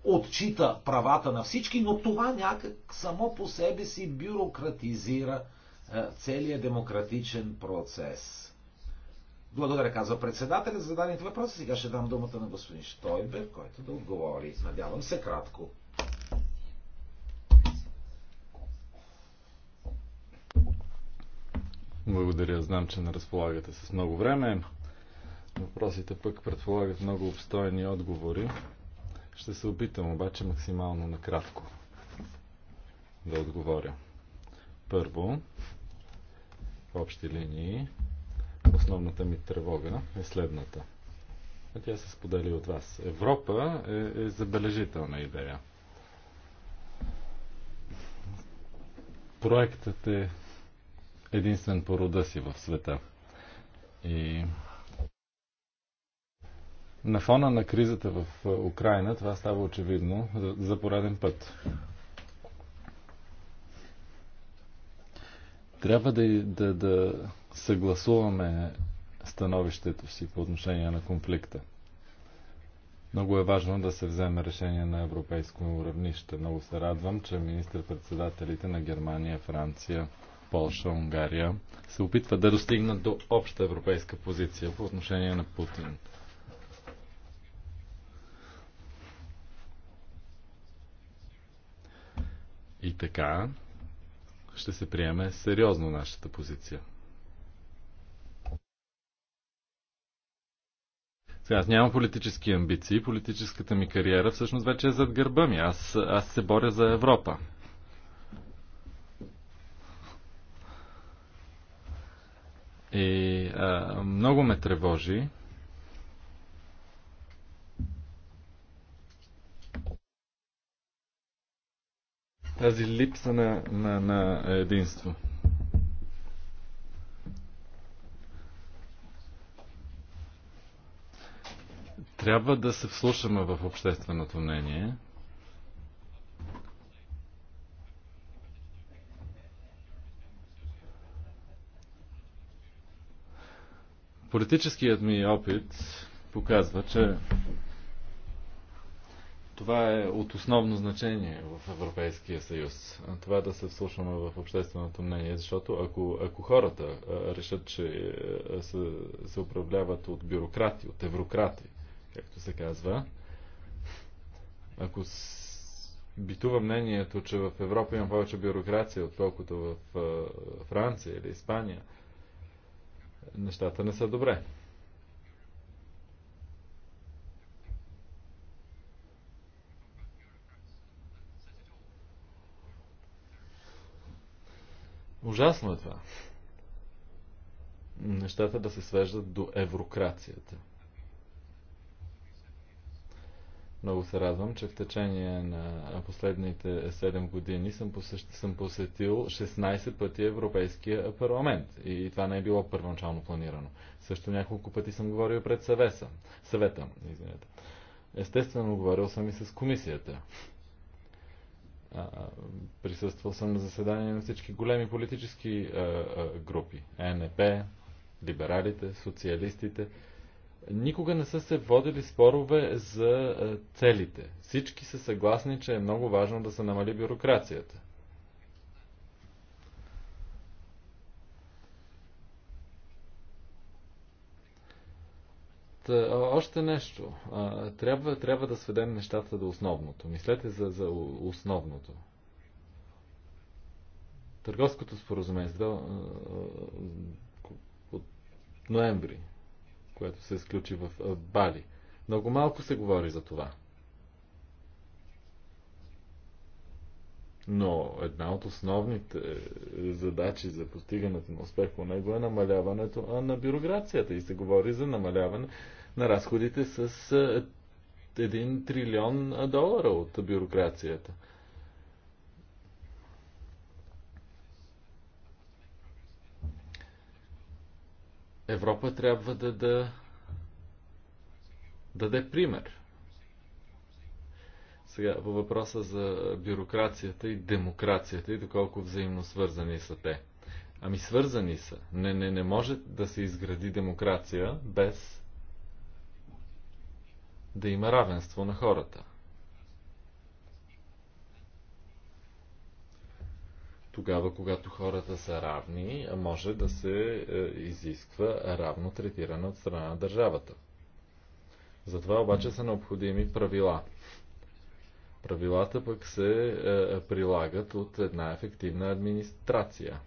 отчита правата на всички, но това някак само по себе си бюрократизира е, целият демократичен процес. Благодаря, казва председателя за зададените въпроси. Сега ще дам думата на господин Штойбер, който да отговори. Надявам се кратко. Благодаря. Знам, че не разполагате с много време. Въпросите пък предполагат много обстойни отговори. Ще се опитам обаче максимално накратко да отговоря. Първо, в общи линии, основната ми тревога е следната. А тя се сподели от вас. Европа е, е забележителна идея. проектът е единствен по рода си в света. И на фона на кризата в Украина това става очевидно за пореден път. Трябва да, да, да съгласуваме становището си по отношение на конфликта. Много е важно да се вземе решение на европейско равнище. Много се радвам, че министр-председателите на Германия, Франция, Полша, Унгария се опитват да достигнат до обща европейска позиция по отношение на Путин. И така ще се приеме сериозно нашата позиция. Сега, аз нямам политически амбиции. Политическата ми кариера всъщност вече е зад гърба ми. Аз, аз се боря за Европа. И а, много ме тревожи. Тази липса на, на, на единство. Трябва да се вслушаме в общественото мнение. Политическият ми опит показва, че това е от основно значение в Европейския съюз. Това да се вслушваме в общественото мнение, защото ако, ако хората решат, че се, се управляват от бюрократи, от еврократи, както се казва. Ако битува мнението, че в Европа има повече бюрокрация, отколкото в Франция или Испания, нещата не са добре. Ужасно е това. Нещата да се свеждат до еврокрацията – Много се радвам, че в течение на последните 7 години съм, посещ... съм посетил 16 пъти Европейския парламент. И това не е било първоначално планирано. Също няколко пъти съм говорил пред съвеса. съвета. Извинете. Естествено, говорил съм и с комисията. Присъствал съм на заседания на всички големи политически групи. Е ЕНП, либералите, социалистите никога не са се водили спорове за е, целите. Всички са съгласни, че е много важно да се намали бюрокрацията. Та, още нещо. Трябва, трябва да сведем нещата до основното. Мислете за, за основното. Търговското споразумение от ноември което се изключи в Бали. Много малко се говори за това. Но една от основните е, задачи за постигането на успех по него е намаляването на бюрокрацията и се говори за намаляване на разходите с 1 е, трилион долара от бюрокрацията. Европа трябва да, да даде пример. Сега, по въпроса за бюрокрацията и демокрацията и доколко взаимно свързани са те. Ами свързани са. Не, не, не може да се изгради демокрация без да има равенство на хората. Тогава, когато хората са равни, може да се е, изисква равно третиране от страна на държавата. Затова обаче са необходими правила. Правилата пък се е, прилагат от една ефективна администрация.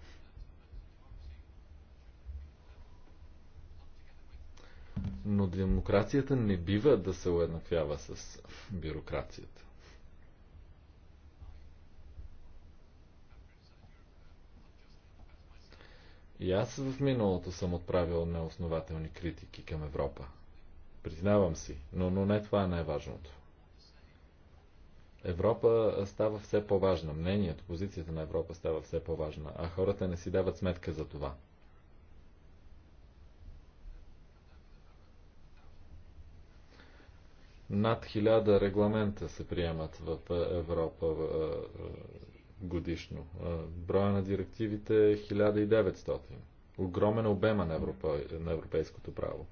Но демокрацията не бива да се уеднаквява с бюрокрацията. И аз в миналото съм отправил неоснователни критики към Европа. Признавам си, но, но не това е най-важното. Европа става все по-важна. Мнението, позицията на Европа става все по-важна, а хората не си дават сметка за това. Над хиляда регламента се приемат в Европа годишно. Броя на директивите е 1900. Огромен обема на, европе, на европейското право.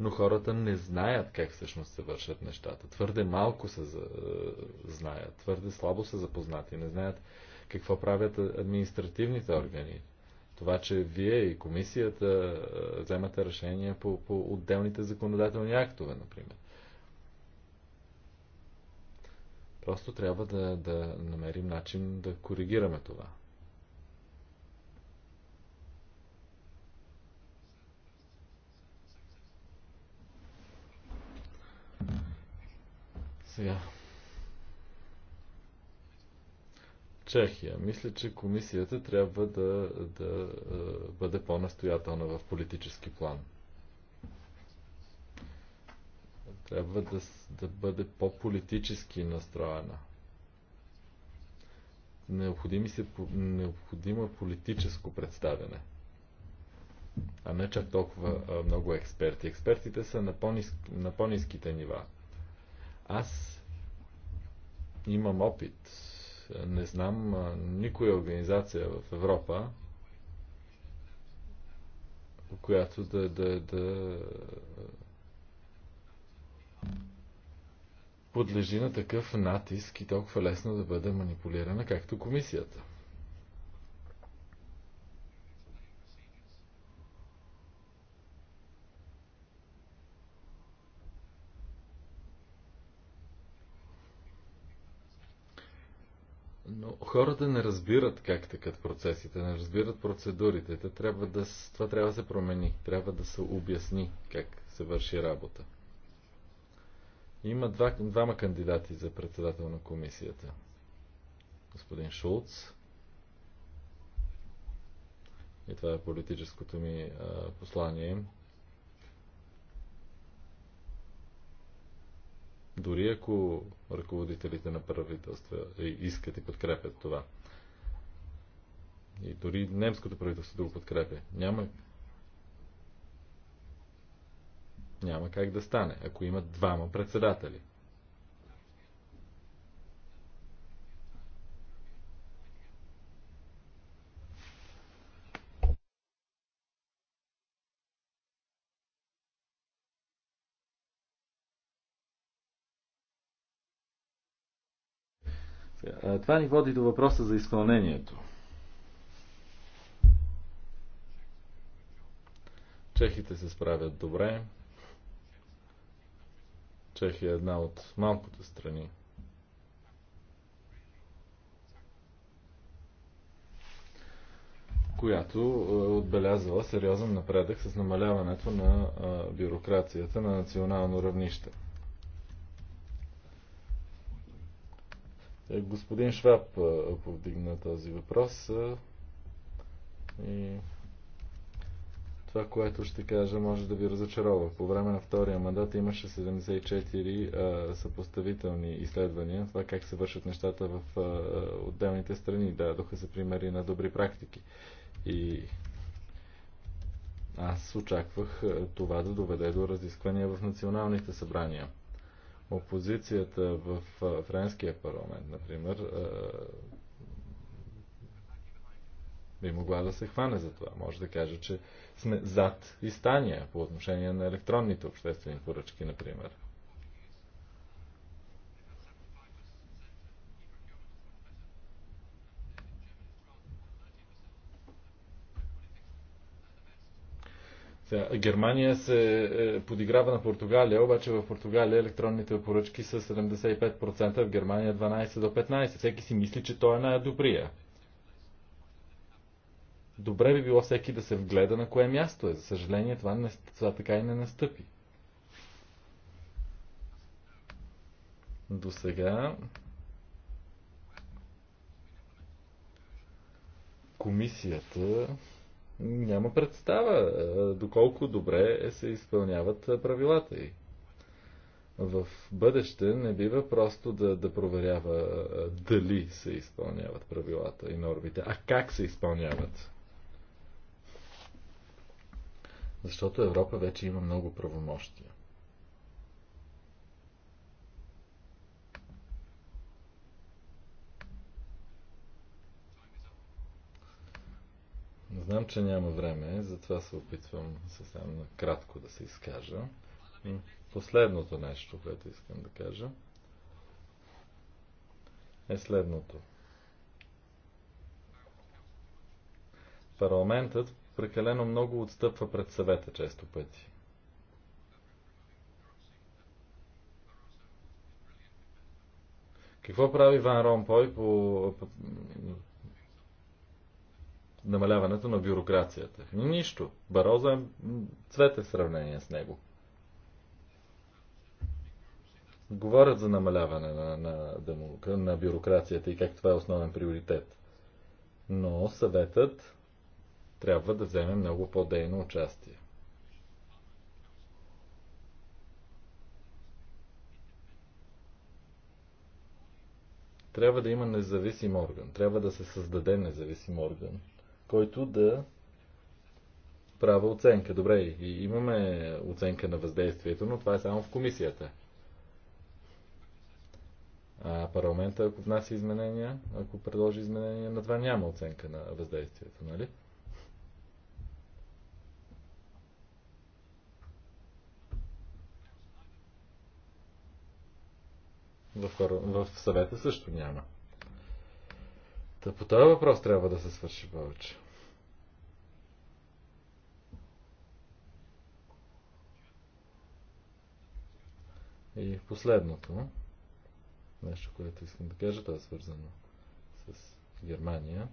Но хората не знаят как всъщност се вършат нещата. Твърде малко се знаят, твърде слабо са запознати, не знаят какво правят административните органи. Това, че вие и комисията вземате решения по, по отделните законодателни актове, например. Просто трябва да, да намерим начин да коригираме това. Сега. Чехия. Мисля, че комисията трябва да, да бъде по-настоятелна в политически план. трябва да, да бъде по-политически настроена. Необходими се, необходимо е политическо представяне, а не чак толкова много експерти. Експертите са на, по-ниск, на по нива. Аз имам опит. Не знам никоя организация в Европа, която да, да, да подлежи на такъв натиск и толкова лесно да бъде манипулирана, както комисията. Но хората не разбират как тъкат процесите, не разбират процедурите. трябва да, това трябва да се промени, трябва да се обясни как се върши работа. Има два, двама кандидати за председател на комисията. Господин Шулц. И това е политическото ми а, послание. Дори ако ръководителите на правителства е, искат и подкрепят това. И дори немското правителство да го подкрепя. Няма Няма как да стане, ако има двама председатели. Това ни води до въпроса за изпълнението. Чехите се справят добре. Чехия е една от малкото страни. която е, отбелязала сериозен напредък с намаляването на е, бюрокрацията на национално равнище. Е, господин Шваб повдигна този въпрос и това, което ще кажа, може да ви разочарова. По време на втория мандат имаше 74 а, съпоставителни изследвания, това как се вършат нещата в а, отделните страни. Дадоха се примери на добри практики. И аз очаквах това да доведе до разисквания в националните събрания. Опозицията в френския парламент, например, би могла да се хване за това. Може да каже, че сме зад изстания по отношение на електронните обществени поръчки, например. Сега, Германия се е, подиграва на Португалия, обаче в Португалия електронните поръчки са 75%, в Германия 12 до 15%. Всеки си мисли, че той е най-добрия добре би било всеки да се вгледа на кое място е. За съжаление, това, не, това така и не настъпи. До сега комисията няма представа доколко добре е, се изпълняват правилата й. В бъдеще не бива просто да, да проверява дали се изпълняват правилата и нормите, а как се изпълняват. защото Европа вече има много правомощия. Знам, че няма време, затова се опитвам съвсем кратко да се изкажа. И последното нещо, което искам да кажа, е следното. Парламентът прекалено много отстъпва пред съвета често пъти. Какво прави Ван Ромпой по намаляването на бюрокрацията? Нищо. Бароза е цвете в сравнение с него. Говорят за намаляване на, на, на бюрокрацията и как това е основен приоритет. Но съветът трябва да вземе много по-дейно участие. Трябва да има независим орган, трябва да се създаде независим орган, който да права оценка. Добре, и имаме оценка на въздействието, но това е само в комисията. А парламента, ако внася изменения, ако предложи изменения, на това няма оценка на въздействието, нали? В, в съвета също няма. Та по този въпрос трябва да се свърши повече. И последното, нещо, което искам да кажа, това е свързано с Германия.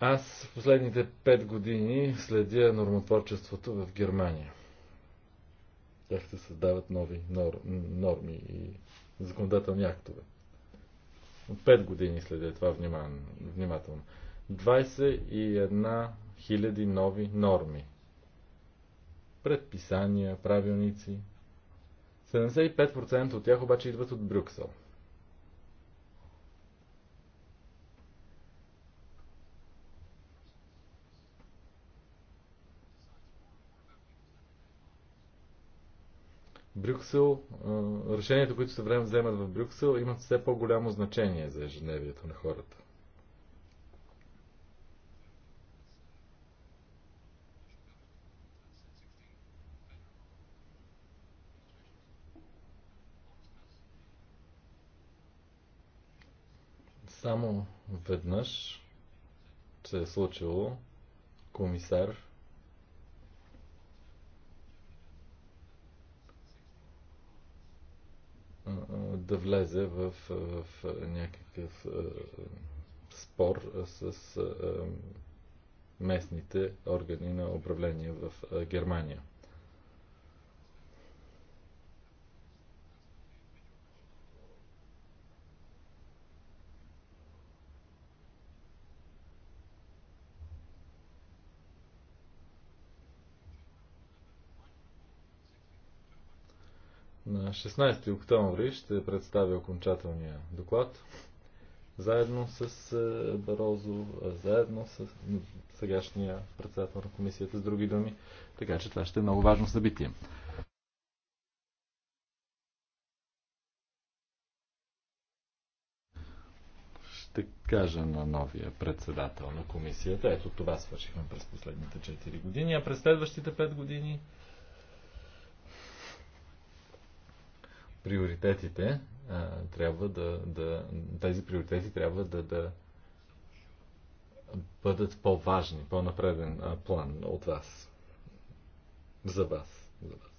Аз в последните 5 години следя нормотворчеството в Германия. Как се създават нови нор, норми и законодателни актове. От 5 години следя това внимателно. 21 000 нови норми. Предписания, правилници. 75% от тях обаче идват от Брюксел – Брюксел, решенията, които се време вземат в Брюксел, имат все по-голямо значение за ежедневието на хората. Само веднъж се е случило комисар да влезе в, в някакъв спор с местните органи на управление в Германия. На 16 октомври ще представя окончателния доклад заедно с е, Барозо, заедно с сегашния председател на комисията, с други думи. Така че това ще е много важно събитие. Ще кажа на новия председател на комисията. Ето това свършихме през последните 4 години, а през следващите 5 години приоритетите а, трябва да, да. Тези приоритети трябва да, да бъдат по-важни, по-напреден план от вас. За вас. За вас.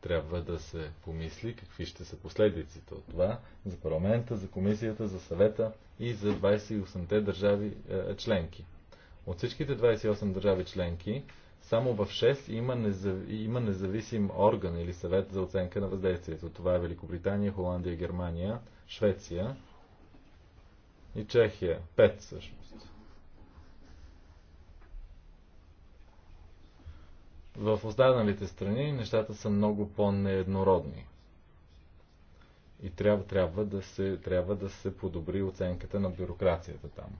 трябва да се помисли какви ще са последиците от това за парламента, за комисията, за съвета, и за 28-те държави е, членки. От всичките 28 държави членки, само в 6 има, незав... има независим орган или съвет за оценка на въздействието. Това е Великобритания, Холандия, Германия, Швеция и Чехия. 5 всъщност. В останалите страни нещата са много по-нееднородни. И трябва, трябва, да се, трябва да се подобри оценката на бюрокрацията там.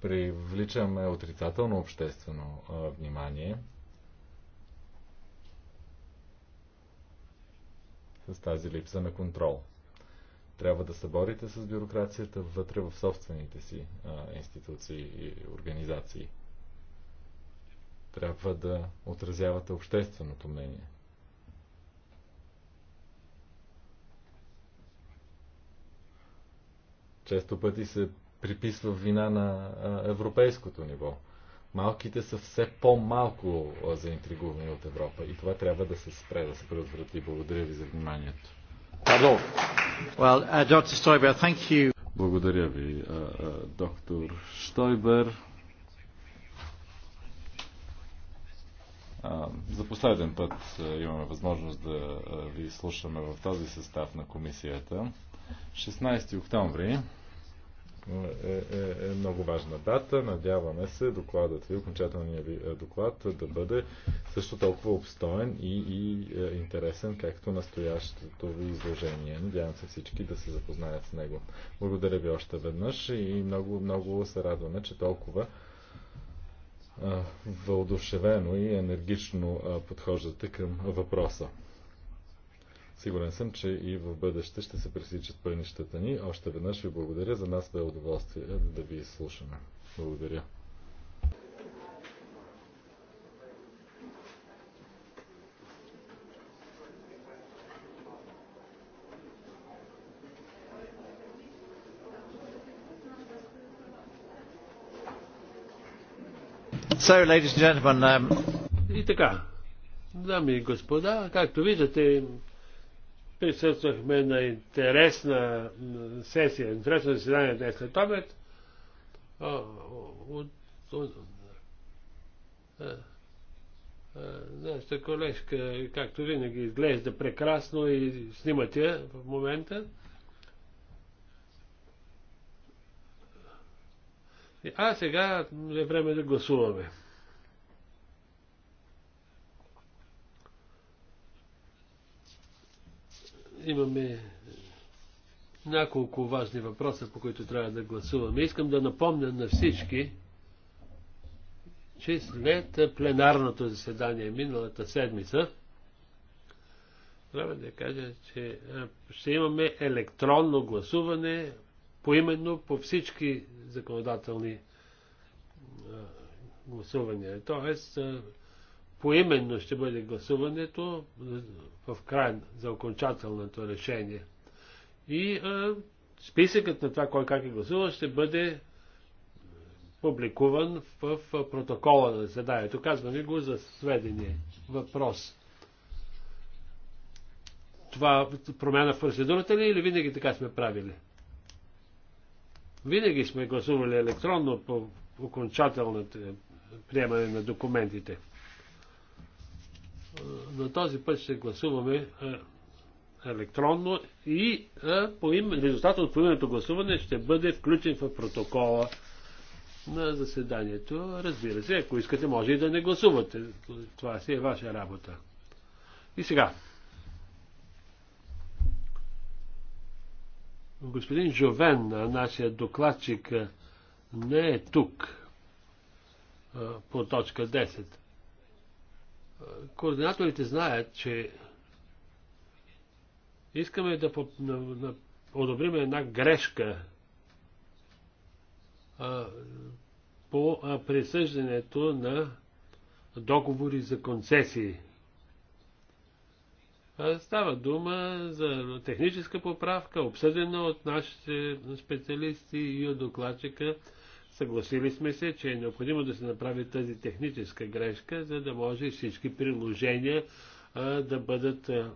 Привличаме отрицателно обществено а, внимание с тази липса на контрол. Трябва да се борите с бюрокрацията вътре в собствените си а, институции и организации. Трябва да отразявате общественото мнение. често пъти се приписва вина на европейското ниво. Малките са все по-малко заинтригувани от Европа и това трябва да се спре, да се предотврати. Благодаря ви за вниманието. Uh, Благодаря ви, доктор Штойбер. За последен път имаме възможност да ви слушаме в този състав на комисията. 16 октомври е, е, е много важна дата. Надяваме се докладът ви, окончателният ви е, доклад да бъде също толкова обстоен и, и е, интересен, както настоящото ви изложение. Надявам се всички да се запознаят с него. Благодаря ви още веднъж и много, много се радваме, че толкова е, въодушевено и енергично е, подхождате към въпроса. Сигурен съм, че и в бъдеще ще се пресичат пънищата ни. Още веднъж ви благодаря. За нас бе удоволствие да ви слушаме. Благодаря. So, ladies and gentlemen, um... И така, дами и господа, както виждате, Присъствахме на интересна сесия, интересно заседание днес след обед. Нашата колежка, както винаги, изглежда прекрасно и снимате я в момента. А сега е време да гласуваме. Имаме няколко важни въпроса, по които трябва да гласуваме. Искам да напомня на всички, че след пленарното заседание миналата седмица, трябва да кажа, че ще имаме електронно гласуване поименно по всички законодателни гласувания. Тоест, поименно ще бъде гласуването в край за окончателното решение. И а, списъкът на това кой как е гласувал ще бъде публикуван в, в протокола на заседанието. Казваме го за сведение. Въпрос. Това промяна в процедурата ли или винаги така сме правили? Винаги сме гласували електронно по окончателното приемане на документите на този път ще гласуваме електронно и по им, резултатът от поименното гласуване ще бъде включен в протокола на заседанието. Разбира се, ако искате, може и да не гласувате. Това си е ваша работа. И сега. Господин Жовен, нашия докладчик, не е тук по точка 10. Координаторите знаят, че искаме да одобрим една грешка по присъждането на договори за концесии. Става дума за техническа поправка, обсъдена от нашите специалисти и от докладчика Съгласили сме се, че е необходимо да се направи тази техническа грешка, за да може всички приложения а, да бъдат а,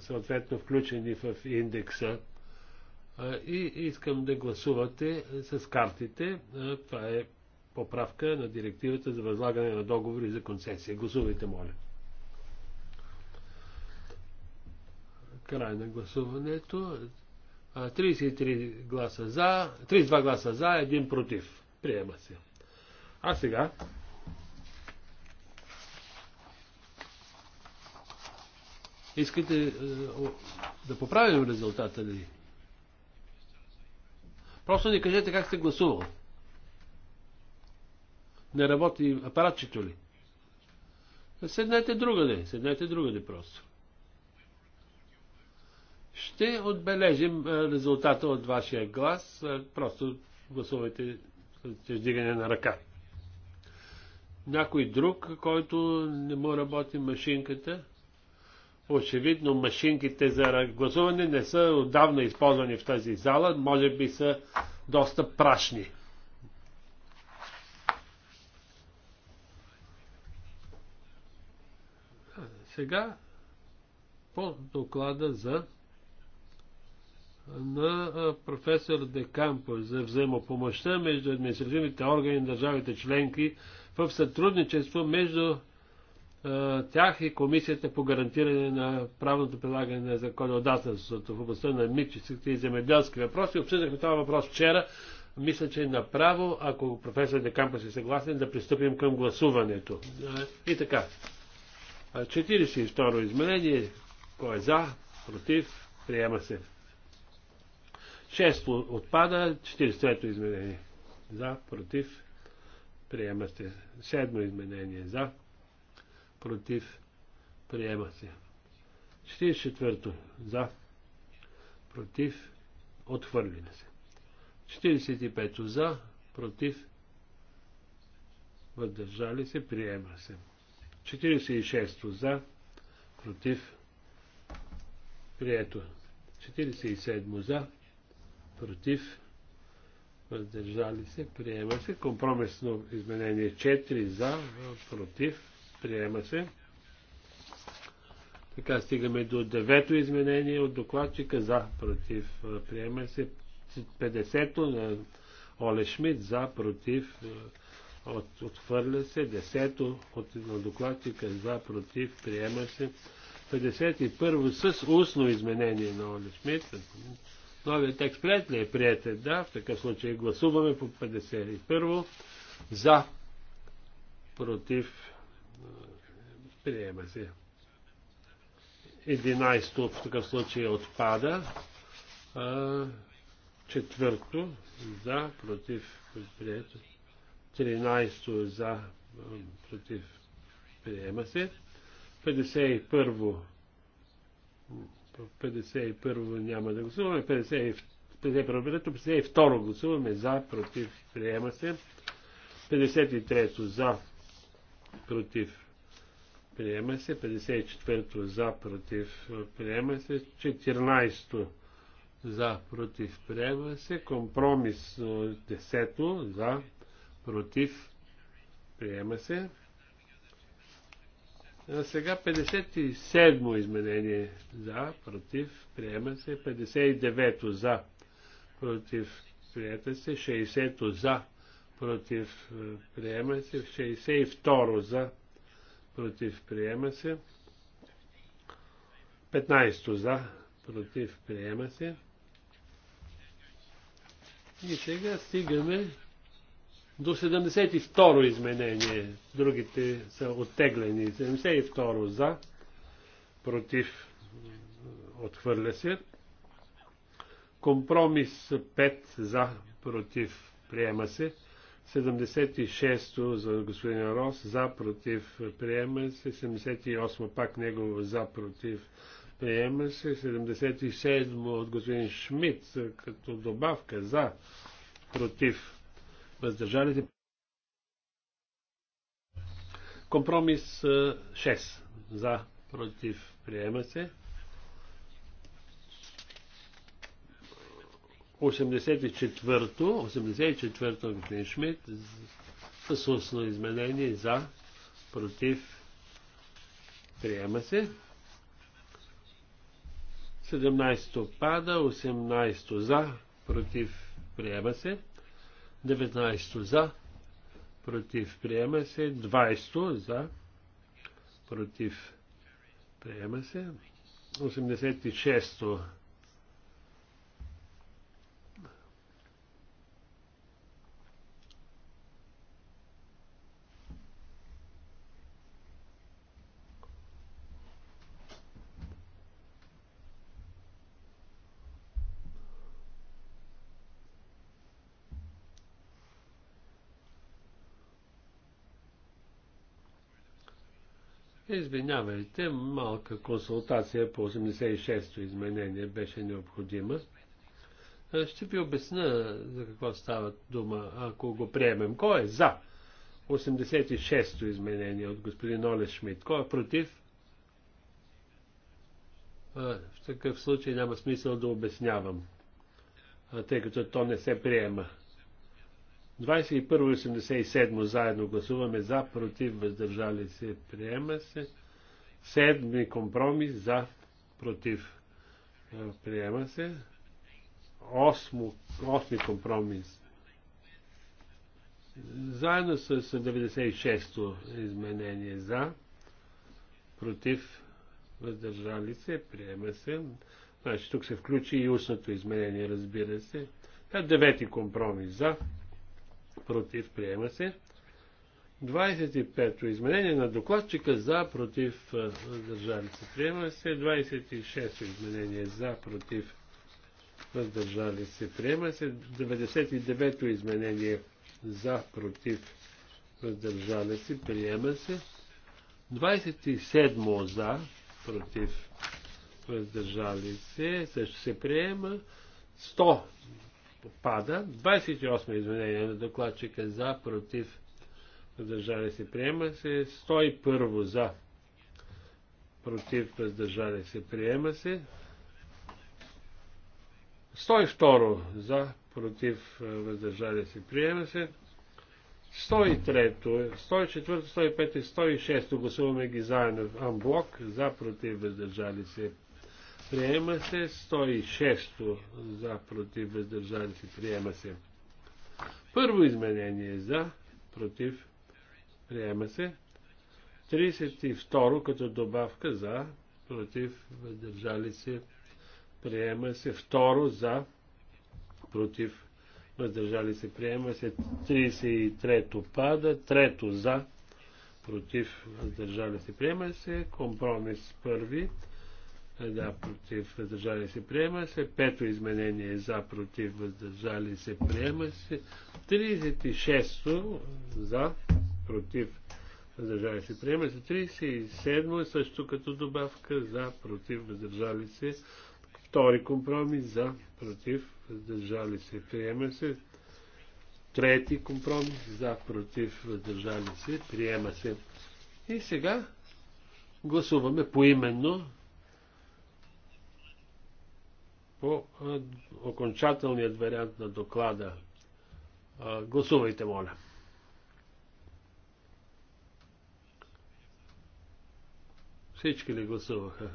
съответно включени в индекса. А, и искам да гласувате с картите. А, това е поправка на директивата за възлагане на договори за концесия. Гласувайте, моля. Край на гласуването. 33 гласа за, 32 гласа за, 1 против. Приема се. А сега Искате е, да поправим резултата ли? Просто ни кажете как сте гласувал. Не работи апаратчето ли? Седнете другаде, седнете другаде просто. Ще отбележим е, резултата от вашия глас. Е, просто гласувайте чрез дигане на ръка. Някой друг, който не му работи машинката, очевидно машинките за гласуване не са отдавна използвани в тази зала, може би са доста прашни. Сега по доклада за на професор Де Кампо за взаимопомощта между административните органи на държавите членки в сътрудничество между тях и Комисията по гарантиране на правното прилагане на законодателството в областта на митчиците и земеделски въпроси. Обсъдахме това въпрос вчера. Мисля, че е направо, ако професор Декампо се съгласен, да пристъпим към гласуването. И така. 42 ро изменение. Кой е за? Против? Приема се. Шесто отпада, 43-то изменение. За, против, приема се. Седмо изменение. За, против, приема се. 44-то. За, против, отхвърлина се. 45-то. За, против, въздържали се, приема се. 46-то. За, против, прието. 47-то. За, против, въздържали се, приема се. Компромисно изменение 4 за, против, приема се. Така стигаме до девето изменение от докладчика за, против, приема се. 50-то на Оле Шмидт за, против, от, отхвърля се. 10-то от, на докладчика за, против, приема се. 51-во с устно изменение на Оле Шмидт Новият текст прият ли е? Прият е, да. В такъв случай гласуваме по 51. За. Против. Приема се. 11 в такъв случай отпада. Четвърто за, против, прието. 13 за, против, приема се. 51 51 няма да гласуваме. 51 52 гласуваме за, против, приема се. 53 то за, против, приема се. 54 то за, против, приема се. 14 за, против, приема се. Компромис 10 за, против, приема се. Сега 57 о изменение за, против, приема се. 59-то за, против, приема се. 60 о е, за, против, приема се. 62 о за, против, приема се. 15 о за, против, приема се. И сега стигаме до 72-ро изменение, другите са оттеглени. 72-ро за, против, отхвърля се. Компромис 5 за, против, приема се. 76-то за господин Рос, за, против, приема се. 78 пак негово за, против, приема се. 77 от господин Шмидт като добавка за, против, въздържали се. Компромис 6 за, против, приема се. 84-то, 84-то господин Шмидт, с устно изменение за, против, приема се. 17-то пада, 18-то за, против, приема се. 19 за, против, приема се. 20 за, против, приема се. 86 Извинявайте, малка консултация по 86-то изменение беше необходима. Е, ще ви обясня за какво става дума, ако го приемем. Кой е за 86-то изменение от господин Оле Шмидт? Кой е против? Е, в такъв случай няма смисъл да обяснявам, е, тъй като то не се приема. 21.87 заедно гласуваме за, против, въздържали се, приема се. Седми компромис за, против, приема се. Осмо, осми компромис заедно с 96-то изменение за, против, въздържали се, приема се. Значи тук се включи и устното изменение, разбира се. девети компромис за, против, приема се. 25-то изменение на докладчика за, против, въздържали се, приема се. 26-то изменение за, против, въздържали се, приема се. 99-то изменение за, против, въздържали се, приема се. 27 за, против, въздържали се, също се приема. 100 пада. 28 изменение на докладчика за, против, въздържали се, приема се. 101 за, против, въздържали се, приема се. 102 за, против, въздържали се, приема се. 103, 104, 105 и 106 гласуваме ги заедно в амблок, за, против, въздържали се, Приема се 106 за против въздържали се. Приема се. Първо изменение за против. Приема се. 32 като добавка за против въздържали се. Приема се. Второ за против въздържали се. Приема се. 33 пада. Трето за против въздържали се. Приема се. Компромис първи за против въздържали се приема се. Пето изменение е за против въздържали се приема се. 36 за против въздържали се приема се. 37 е също като добавка за против въздържали се. Втори компромис за против въздържали се приема се. Трети компромис за против въздържали се приема се. И сега гласуваме поименно по окончателният вариант на доклада. Гласувайте, моля. Всички ли гласуваха?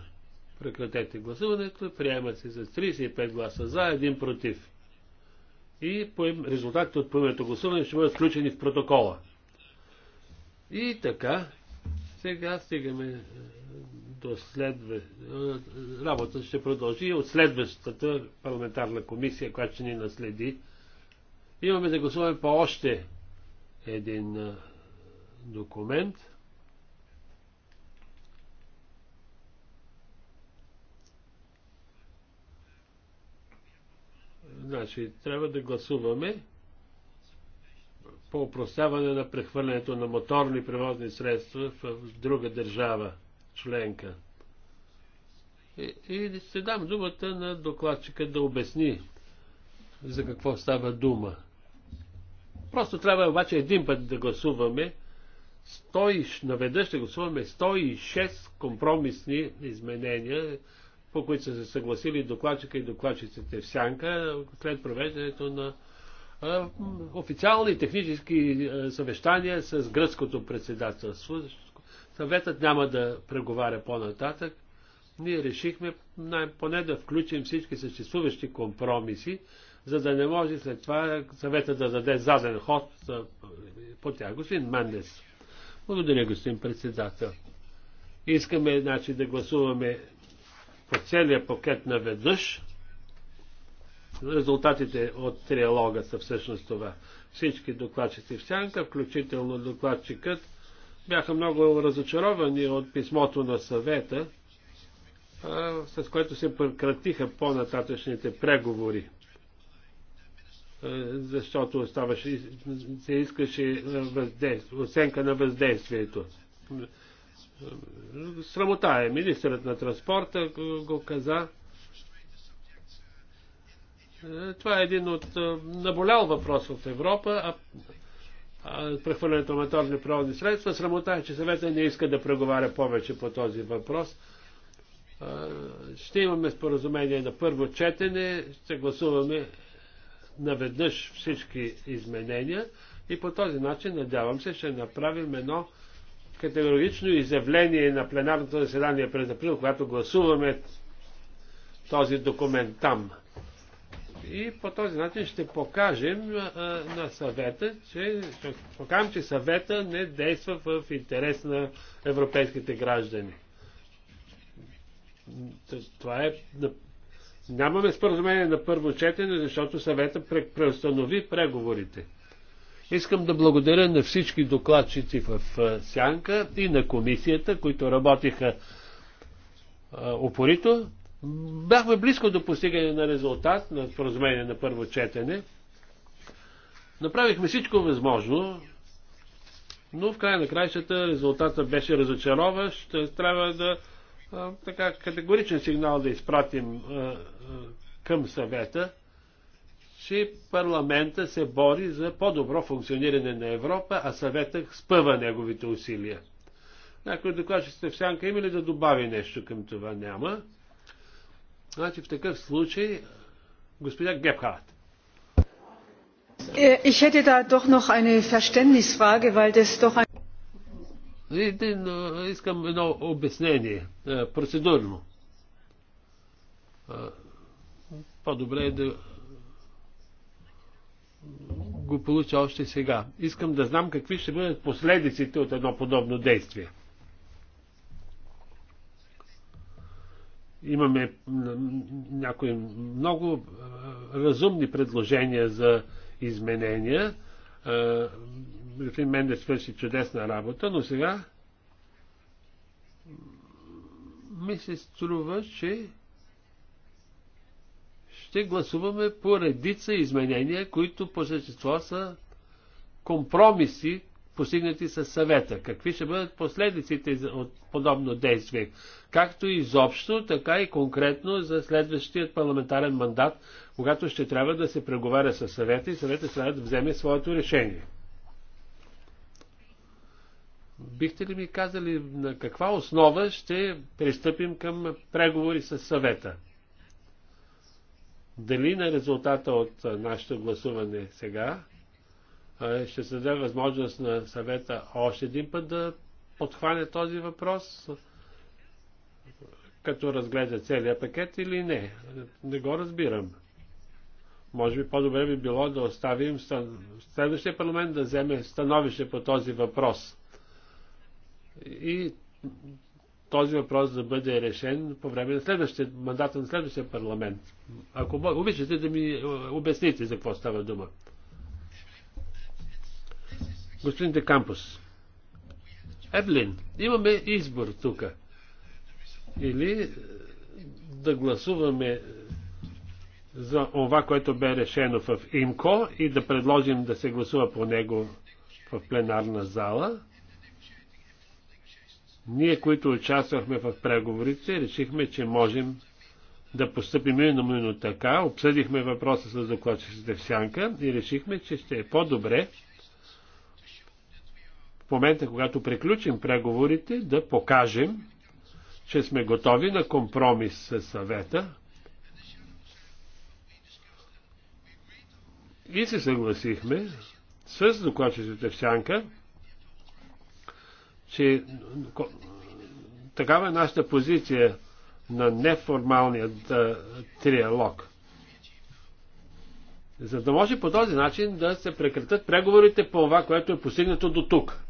Прекратете гласуването. Приема се за 35 гласа за, един против. И резултатите от поименното гласуване ще бъдат включени в протокола. И така, сега стигаме до следва... работа ще продължи от следващата парламентарна комисия, която ще ни наследи. Имаме да гласуваме по още един документ. Значи, трябва да гласуваме по упростяване на прехвърлянето на моторни превозни средства в друга държава членка. И, и ще дам думата на докладчика да обясни за какво става дума. Просто трябва обаче един път да гласуваме. 100, наведнъж ще гласуваме 106 компромисни изменения, по които са се съгласили докладчика и докладчиците в сянка след провеждането на официални технически съвещания с гръцкото председателство, Съветът няма да преговаря по-нататък. Ние решихме най- поне да включим всички съществуващи компромиси, за да не може след това съветът да даде заден ход по тях. Господин Мандес. Благодаря, господин председател. Искаме значи, да гласуваме по целия пакет наведнъж. Резултатите от триалога са всъщност това. Всички докладчици в сянка, включително докладчикът, бяха много разочаровани от писмото на съвета, с което се прекратиха по-нататъчните преговори. Защото оставаше, се искаше оценка на въздействието. Срамота е. Министърът на транспорта го каза. Това е един от наболял въпрос в Европа, а прехвърлянето на моторни превозни средства. Срамота е, че съвета не иска да преговаря повече по този въпрос. Ще имаме споразумение на първо четене, ще гласуваме наведнъж всички изменения и по този начин, надявам се, ще направим едно категорично изявление на пленарното заседание през април, когато гласуваме този документ там. И по този начин ще покажем а, на съвета, че, ще покажем, че съвета не действа в интерес на европейските граждани. Това е. Нямаме споразумение на първо четене, защото съвета преустанови преговорите. Искам да благодаря на всички докладчици в Сянка и на комисията, които работиха упорито Бяхме близко до постигане на резултат на споразумение на първо четене. Направихме всичко възможно, но в край на краищата резултата беше разочароващ. Трябва да така категоричен сигнал да изпратим към съвета, че парламента се бори за по-добро функциониране на Европа, а съвета спъва неговите усилия. Някой докладчиците в сянка има ли да добави нещо към това? Няма. Значи в такъв случай господин Гепхарт. Е, ich hätte da doch noch eine Verständnisfrage, weil das doch ein... Един, е, искам едно обяснение, е, процедурно. По-добре е да го получа още сега. Искам да знам какви ще бъдат последиците от едно подобно действие. Имаме някои много разумни предложения за изменения. Рефин Мендес свърши чудесна работа, но сега ми се струва, че ще гласуваме по редица изменения, които по същество са компромиси постигнати със съвета? Какви ще бъдат последиците от подобно действие? Както изобщо, така и конкретно за следващият парламентарен мандат, когато ще трябва да се преговаря със съвета и съвета трябва да вземе своето решение. Бихте ли ми казали на каква основа ще пристъпим към преговори с съвета? Дали на резултата от нашето гласуване сега ще се даде възможност на съвета още един път да подхване този въпрос, като разгледа целият пакет или не. Не го разбирам. Може би по-добре би било да оставим следващия парламент да вземе становище по този въпрос. И този въпрос да бъде решен по време на следващия мандата на следващия парламент. Ако обичате да ми е, обясните за какво става дума. Господин Декампус, Евлин, имаме избор тук. Или е, да гласуваме за това, което бе решено в ИМКО и да предложим да се гласува по него в пленарна зала. Ние, които участвахме в преговорите, решихме, че можем да поступим именно така. Обсъдихме въпроса с докладчиците в Сянка и решихме, че ще е по-добре в момента, когато приключим преговорите, да покажем, че сме готови на компромис с съвета. И се съгласихме с докладчиците в Сянка, че такава е нашата позиция на неформалният триалог. За да може по този начин да се прекратят преговорите по това, което е постигнато до тук.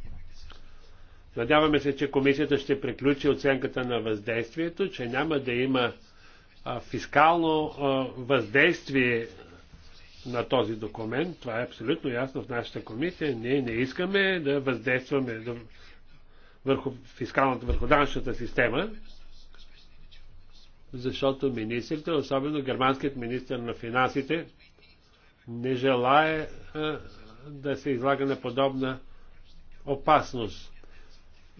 Надяваме се, че комисията ще приключи оценката на въздействието, че няма да има фискално въздействие на този документ. Това е абсолютно ясно в нашата комисия. Ние не искаме да въздействаме да, върху фискалната, върху данъчната система, защото министрите, особено германският министр на финансите, не желая да се излага на подобна опасност.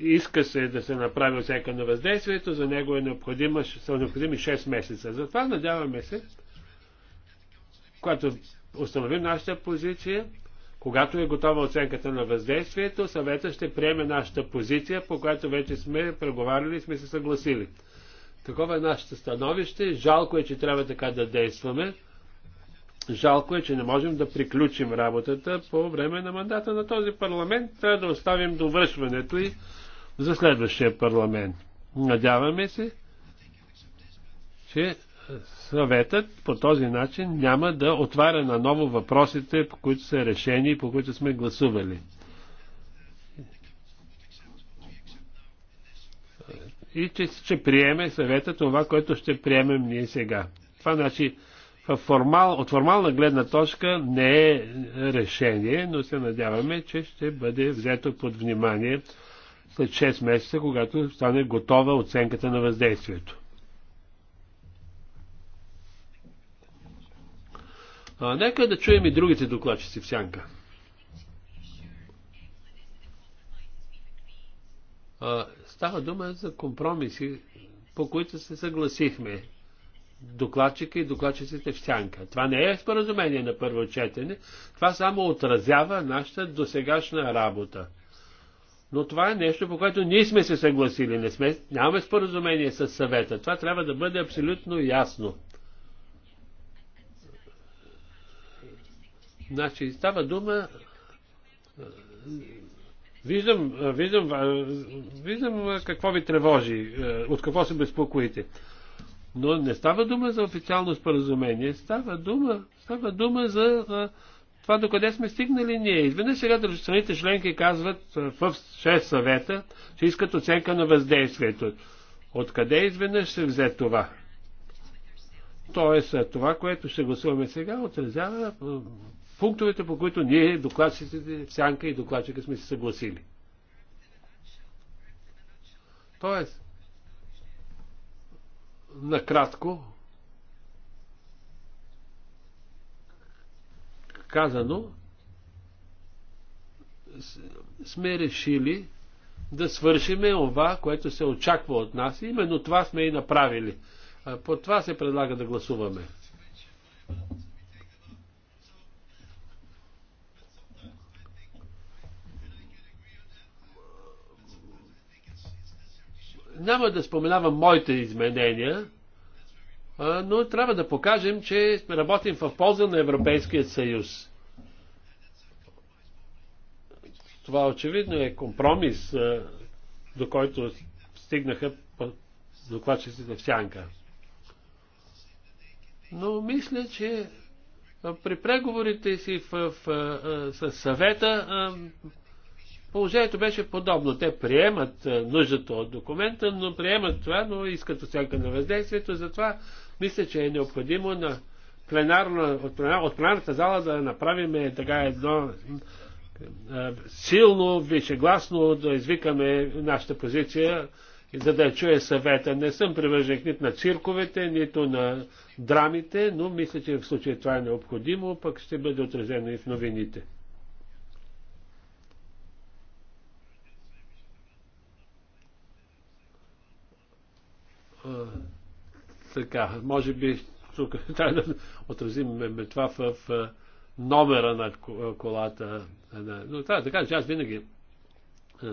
Иска се да се направи оценка на въздействието, за него е необходимо, са необходими 6 месеца. Затова надяваме се, когато установим нашата позиция, когато е готова оценката на въздействието, съвета ще приеме нашата позиция, по която вече сме преговаряли и сме се съгласили. Такова е нашето становище. Жалко е, че трябва така да действаме. Жалко е, че не можем да приключим работата по време на мандата на този парламент. Трябва да оставим довършването и за следващия парламент. Надяваме се, че съветът по този начин няма да отваря на ново въпросите, по които са решени и по които сме гласували. И че ще приеме съвета това, което ще приемем ние сега. Това значи формал, от формална гледна точка не е решение, но се надяваме, че ще бъде взето под внимание след 6 месеца, когато стане готова оценката на въздействието. А, нека да чуем и другите докладчици в сянка. А, става дума за компромиси, по които се съгласихме. Докладчика и докладчиците в сянка. Това не е споразумение на първо четене, това само отразява нашата досегашна работа. Но това е нещо, по което ние сме се съгласили. Не сме, нямаме споразумение с съвета. Това трябва да бъде абсолютно ясно. Значи става дума. Виждам, виждам, виждам какво ви тревожи, от какво се безпокоите. Но не става дума за официално споразумение, става дума, става дума за това докъде сме стигнали ние. Изведнъж сега страните членки казват е, в 6 съвета, че искат оценка на въздействието. Откъде изведнъж се взе това? Тоест, е, това, което ще гласуваме сега, отразява е, пунктовете, по които ние, докладчиците, Сянка и докладчика сме се съгласили. Тоест, накратко, казано, сме решили да свършиме това, което се очаква от нас. Именно това сме и направили. По това се предлага да гласуваме. Няма да споменавам моите изменения, но трябва да покажем, че работим в полза на Европейския съюз. Това очевидно е компромис, до който стигнаха докладчиците в сянка. Но мисля, че при преговорите си в, в, в, с съвета Положението беше подобно. Те приемат е, нуждата от документа, но приемат това, но искат оценка на въздействието. Затова мисля, че е необходимо на пленарна, от, пленар, от пленарната зала да направим е, така едно е, силно, вишегласно да извикаме нашата позиция, за да чуе съвета. Не съм привържен нито на цирковете, нито на драмите, но мисля, че в случая това е необходимо, пък ще бъде отразено и в новините. така, може би тук трябва да отразим това в номера на колата. Но трябва да кажа, че аз винаги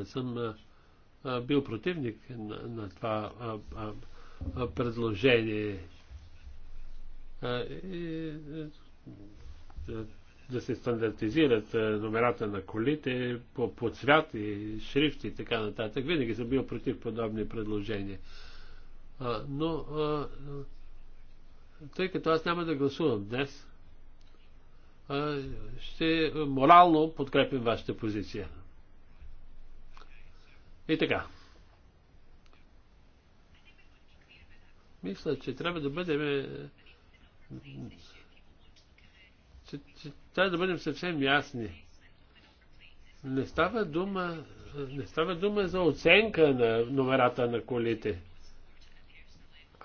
съм бил противник на, на това а, а, предложение. А, и, да, се стандартизират номерата на колите по, по цвят и шрифт и така нататък. Винаги съм бил против подобни предложения. Но, тъй като аз няма да гласувам днес, ще морално подкрепим вашата позиция. И така. Мисля, че трябва да бъдем. Е, че, че, трябва да бъдем съвсем ясни. Не става дума, не става дума за оценка на номерата на колите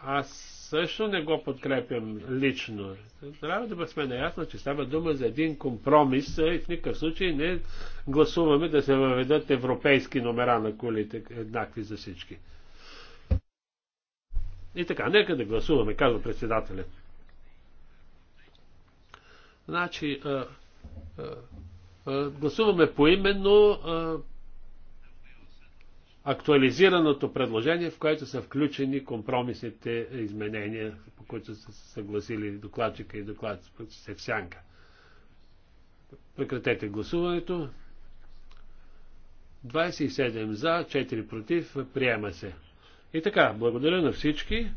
аз също не го подкрепям лично. Трябва да сме наясно, че става дума за един компромис и в никакъв случай не гласуваме да се въведат европейски номера на колите, еднакви за всички. И така, нека да гласуваме, казва председателят. Значи, а, а, а, гласуваме поименно а, актуализираното предложение, в което са включени компромисните изменения, по които са се съгласили докладчика и докладчика Севсянка. Прекратете гласуването. 27 за, 4 против, приема се. И така, благодаря на всички.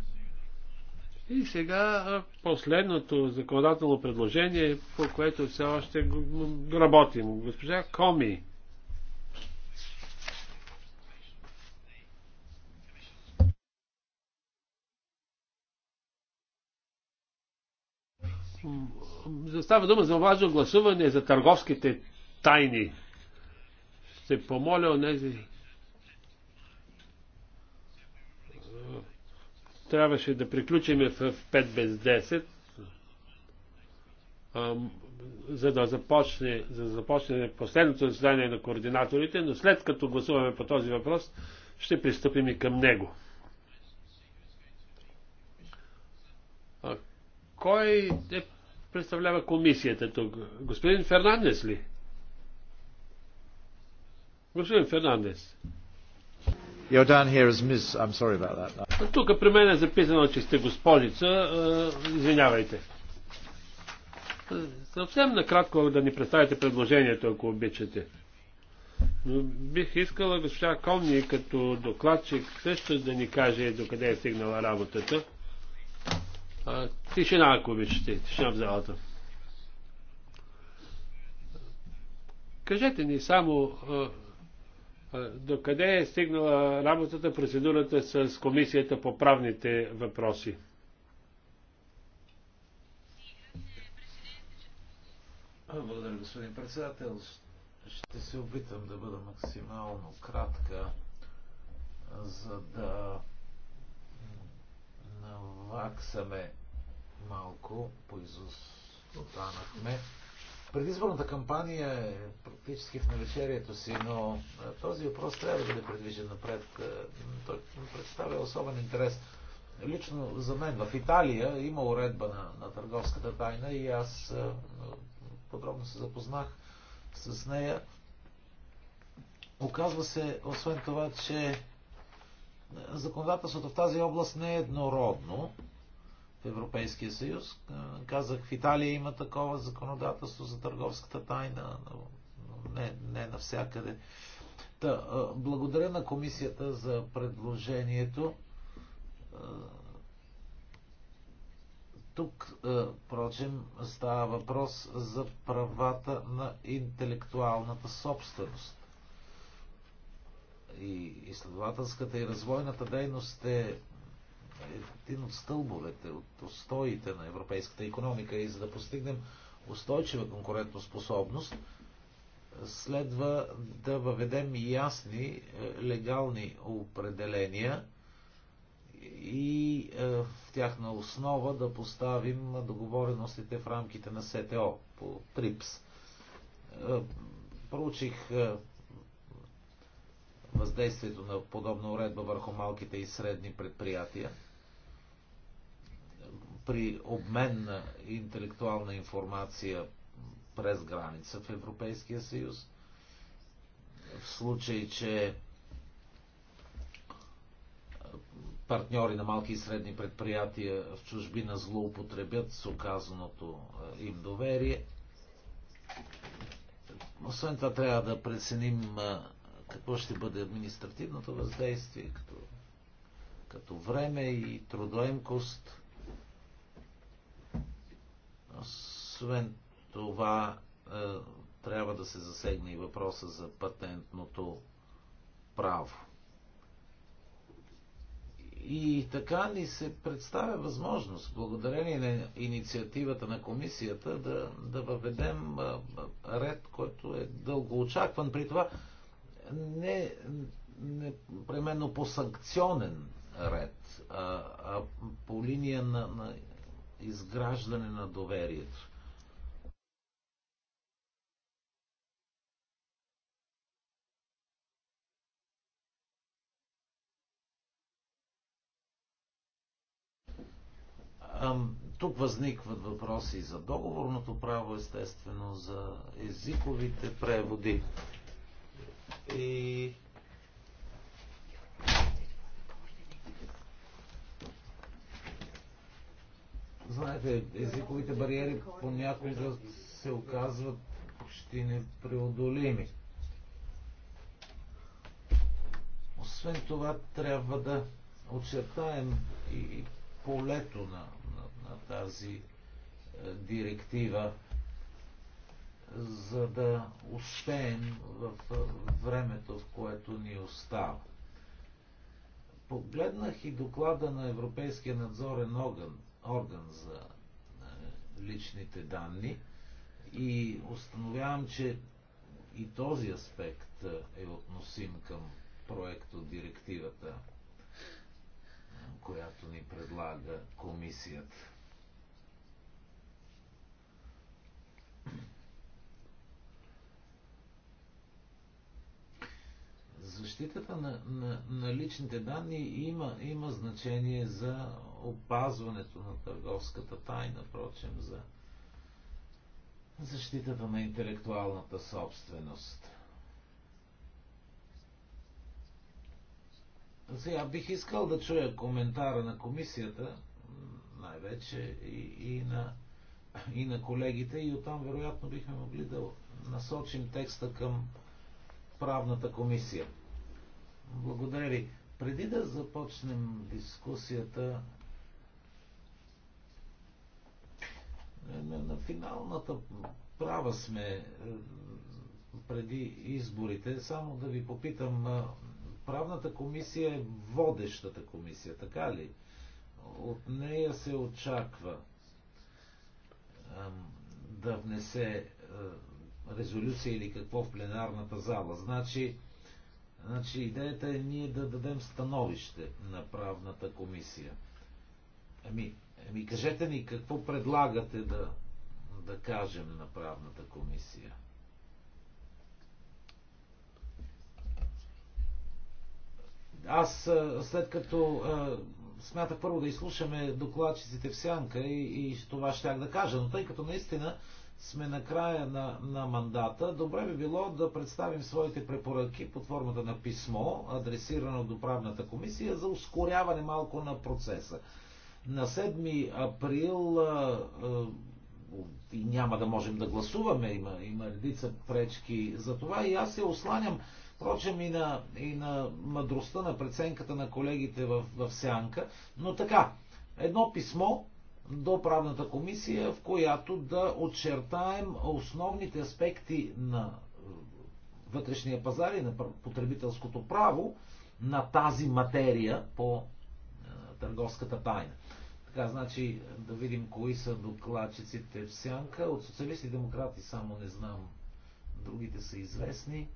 И сега последното законодателно предложение, по което все още работим. Госпожа Коми Става дума за важно гласуване за търговските тайни. Ще помоля онези. Трябваше да приключим в 5 без 10, за да започне, за да започне последното заседание на координаторите, но след като гласуваме по този въпрос, ще пристъпим и към него. кой е представлява комисията тук? Господин Фернандес ли? Господин Фернандес. You're down here as I'm sorry about that. Тук при мен е записано, че сте госпожица. Е, извинявайте. Съвсем накратко да ни представите предложението, ако обичате. Но бих искала госпожа Комни като докладчик също да ни каже докъде е стигнала работата. А, тишина, ако обичате. Тишина Кажете ни само до къде докъде е стигнала работата, процедурата с Комисията по правните въпроси. Благодаря, господин председател. Ще се опитам да бъда максимално кратка, за да наваксаме малко, по поизостанахме. Предизборната кампания е практически в навечерието си, но този въпрос трябва да бъде предвижен напред. Той представя особен интерес. Лично за мен в Италия има уредба на, на търговската тайна и аз подробно се запознах с нея. Оказва се, освен това, че законодателството в тази област не е еднородно в Европейския съюз. Казах, в Италия има такова законодателство за търговската тайна, но не, не навсякъде. Та, благодаря на комисията за предложението. Тук, впрочем, става въпрос за правата на интелектуалната собственост и изследователската и развойната дейност е един от стълбовете, от устоите на европейската економика и за да постигнем устойчива конкурентоспособност, следва да въведем ясни е, легални определения и е, в тяхна основа да поставим договореностите в рамките на СТО по ТРИПС. Е, проучих въздействието на подобна уредба върху малките и средни предприятия при обмен на интелектуална информация през граница в Европейския съюз, в случай, че партньори на малки и средни предприятия в чужбина злоупотребят с оказаното е, им доверие. Освен това трябва да преценим е, какво ще бъде административното въздействие като, като време и трудоемкост. Освен това, е, трябва да се засегне и въпроса за патентното право. И така ни се представя възможност, благодарение на инициативата на комисията, да, да въведем е, ред, който е дълго очакван. При това не непременно по санкционен ред, а, а по линия на, на изграждане на доверието. Тук възникват въпроси за договорното право, естествено, за езиковите преводи и Знаете, езиковите бариери понякога се оказват почти непреодолими. Освен това, трябва да очертаем и полето на, на, на тази е, директива за да успеем в времето, в което ни остава. Погледнах и доклада на Европейския надзорен орган, орган за е, личните данни и установявам, че и този аспект е, е относим към проекто директивата, е, която ни предлага комисията. защитата на, на, на личните данни има, има значение за опазването на търговската тайна, впрочем, за защитата на интелектуалната собственост. Сега бих искал да чуя коментара на комисията, най-вече и, и, на, и на колегите, и оттам вероятно бихме могли да насочим текста към правната комисия. Благодаря ви. Преди да започнем дискусията на финалната права сме е, преди изборите. Само да ви попитам, е, правната комисия е водещата комисия, така ли? От нея се очаква да внесе е, резолюция или какво в пленарната зала. Значи, значи идеята е ние да дадем становище на правната комисия. Ами, ами кажете ни какво предлагате да, да кажем на правната комисия. Аз след като смятах първо да изслушаме докладчиците в сянка и, и това щях да кажа, но тъй като наистина сме на края на, на мандата, добре би било да представим своите препоръки под формата на писмо, адресирано до правната комисия, за ускоряване малко на процеса. На 7 април а, а, и няма да можем да гласуваме, има, има редица пречки за това и аз се осланям, впрочем, и на, и на мъдростта, на преценката на колегите в, в Сянка, но така, едно писмо, до правната комисия, в която да очертаем основните аспекти на е, вътрешния пазар и на потребителското право на тази материя по е, търговската тайна. Така, значи да видим кои са докладчиците в сянка. От социалисти демократи само не знам. Другите са известни.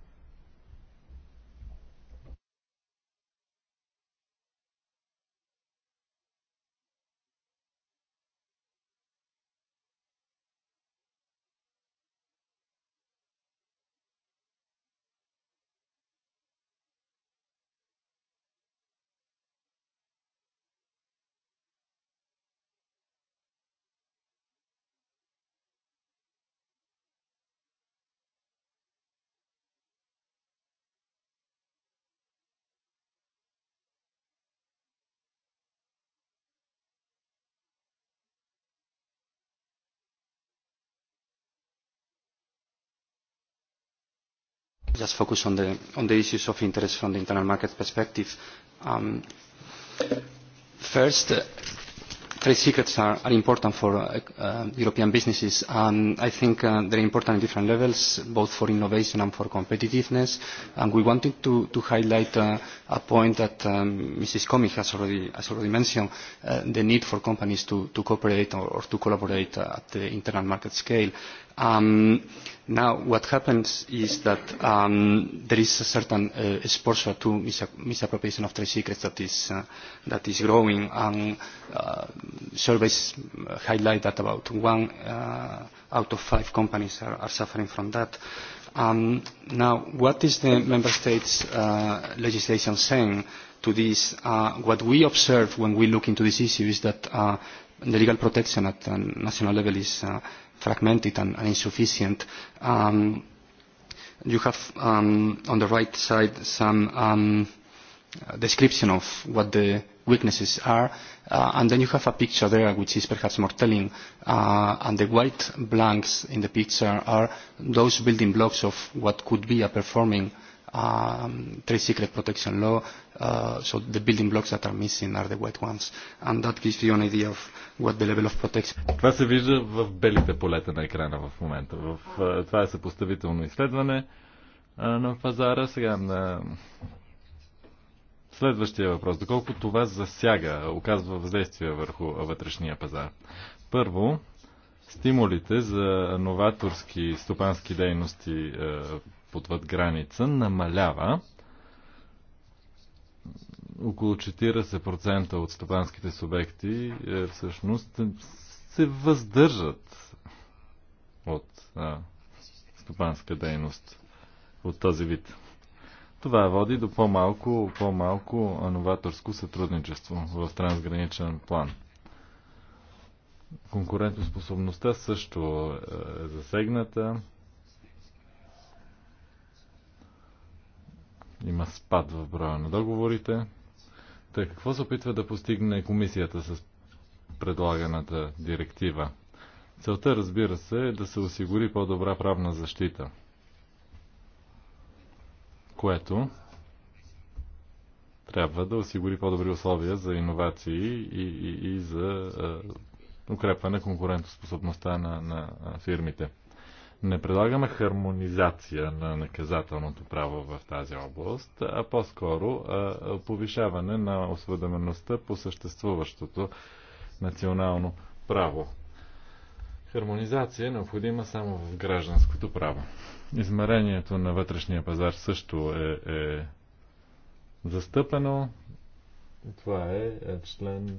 just focus on the, on the issues of interest from the internal market perspective. Um, first, uh, trade secrets are, are important for uh, uh, European businesses. Um, I think uh, they're important at different levels, both for innovation and for competitiveness. And we wanted to, to highlight uh, a point that um, Mrs. Comey has already, has already mentioned, uh, the need for companies to, to cooperate or, or to collaborate uh, at the internal market scale. Um, Now, what happens is that um, there is a certain uh, exposure to mis- misappropriation of trade secrets that is, uh, that is growing, and uh, surveys highlight that about one uh, out of five companies are, are suffering from that. Um, now, what is the member states' uh, legislation saying to this? Uh, what we observe when we look into this issue is that uh, the legal protection at uh, national level is uh, fragmented and, and insufficient. Um, you have um, on the right side some um, description of what the weaknesses are, uh, and then you have a picture there which is perhaps more telling, uh, and the white blanks in the picture are those building blocks of what could be a performing uh, um, trade secret protection law. Uh, so the building blocks that are missing are the white ones. And that gives you an idea of what the level of protection. Това се вижда в белите полета на екрана в момента. В, uh, това е съпоставително изследване uh, на пазара. Сега на следващия въпрос. Доколко това засяга, оказва въздействие върху вътрешния пазар? Първо, стимулите за новаторски стопански дейности подвъд граница намалява около 40% от стопанските субекти е, всъщност се въздържат от а, стопанска дейност от този вид. Това води до по-малко, по-малко новаторско сътрудничество в трансграничен план. Конкурентоспособността също е, е засегната. Има спад в броя на договорите. Тъй какво се опитва да постигне комисията с предлаганата директива? Целта, разбира се, е да се осигури по-добра правна защита, което трябва да осигури по-добри условия за иновации и, и, и за е, укрепване конкурентоспособността на, на фирмите. Не предлагаме хармонизация на наказателното право в тази област, а по-скоро повишаване на осведомеността по съществуващото национално право. Хармонизация е необходима само в гражданското право. Измерението на вътрешния пазар също е, е застъпено. Това е, е член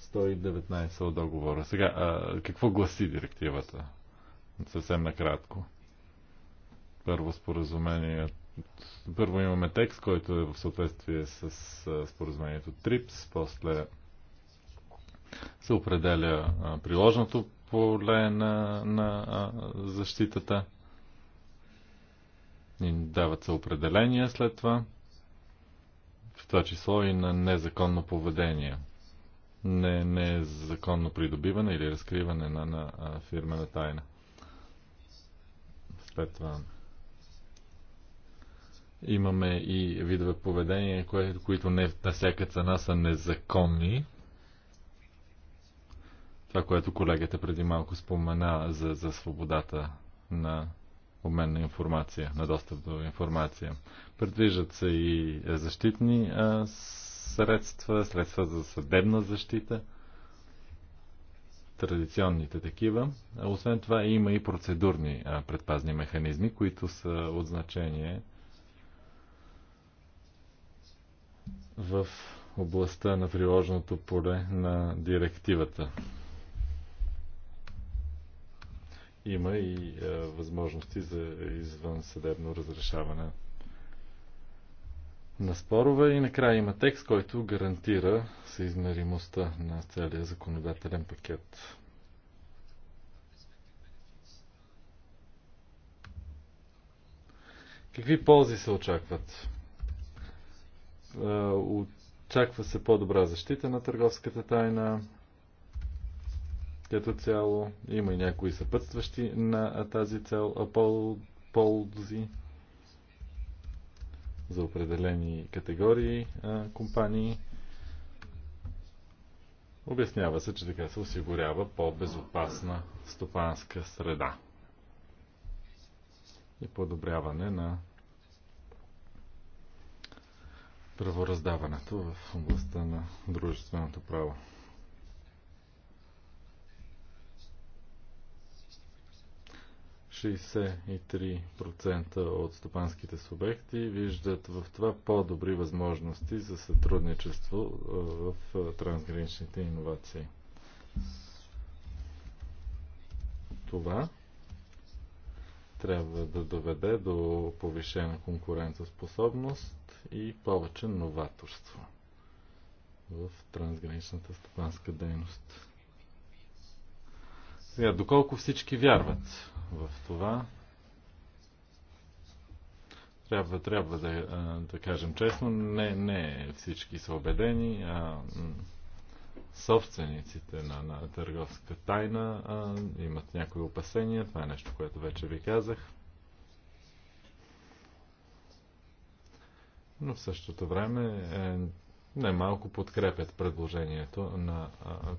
119 от договора. Сега, какво гласи директивата? съвсем накратко. Първо споразумение. Първо имаме текст, който е в съответствие с споразумението ТРИПС, после се определя приложното поле на, на защитата. И дават се определения след това, в това число и на незаконно поведение не, незаконно е придобиване или разкриване на, на фирмена тайна. След това имаме и видове поведение, които не, на всяка цена са незаконни. Това, което колегата преди малко спомена за, за свободата на обмен на информация, на достъп до информация. Предвиждат се и защитни а, средства, средства за съдебна защита традиционните такива. Освен това има и процедурни предпазни механизми, които са от значение в областта на приложеното поле на директивата. Има и възможности за извънсъдебно разрешаване на спорове и накрая има текст, който гарантира съизмеримостта на целия законодателен пакет. Какви ползи се очакват? Очаква се по-добра защита на търговската тайна като цяло. Има и някои съпътстващи на тази цел ползи. по- за определени категории а, компании. Обяснява се, че така се осигурява по-безопасна стопанска среда и подобряване на правораздаването в областта на дружественото право. 63% от стопанските субекти виждат в това по-добри възможности за сътрудничество в трансграничните иновации. Това трябва да доведе до повишена конкурентоспособност и повече новаторство в трансграничната стопанска дейност. Сега, доколко всички вярват в това, трябва, трябва да, да кажем честно, не, не всички са убедени, а собствениците на, на търговска тайна а, имат някои опасения. Това е нещо, което вече ви казах. Но в същото време е, Немалко подкрепят предложението на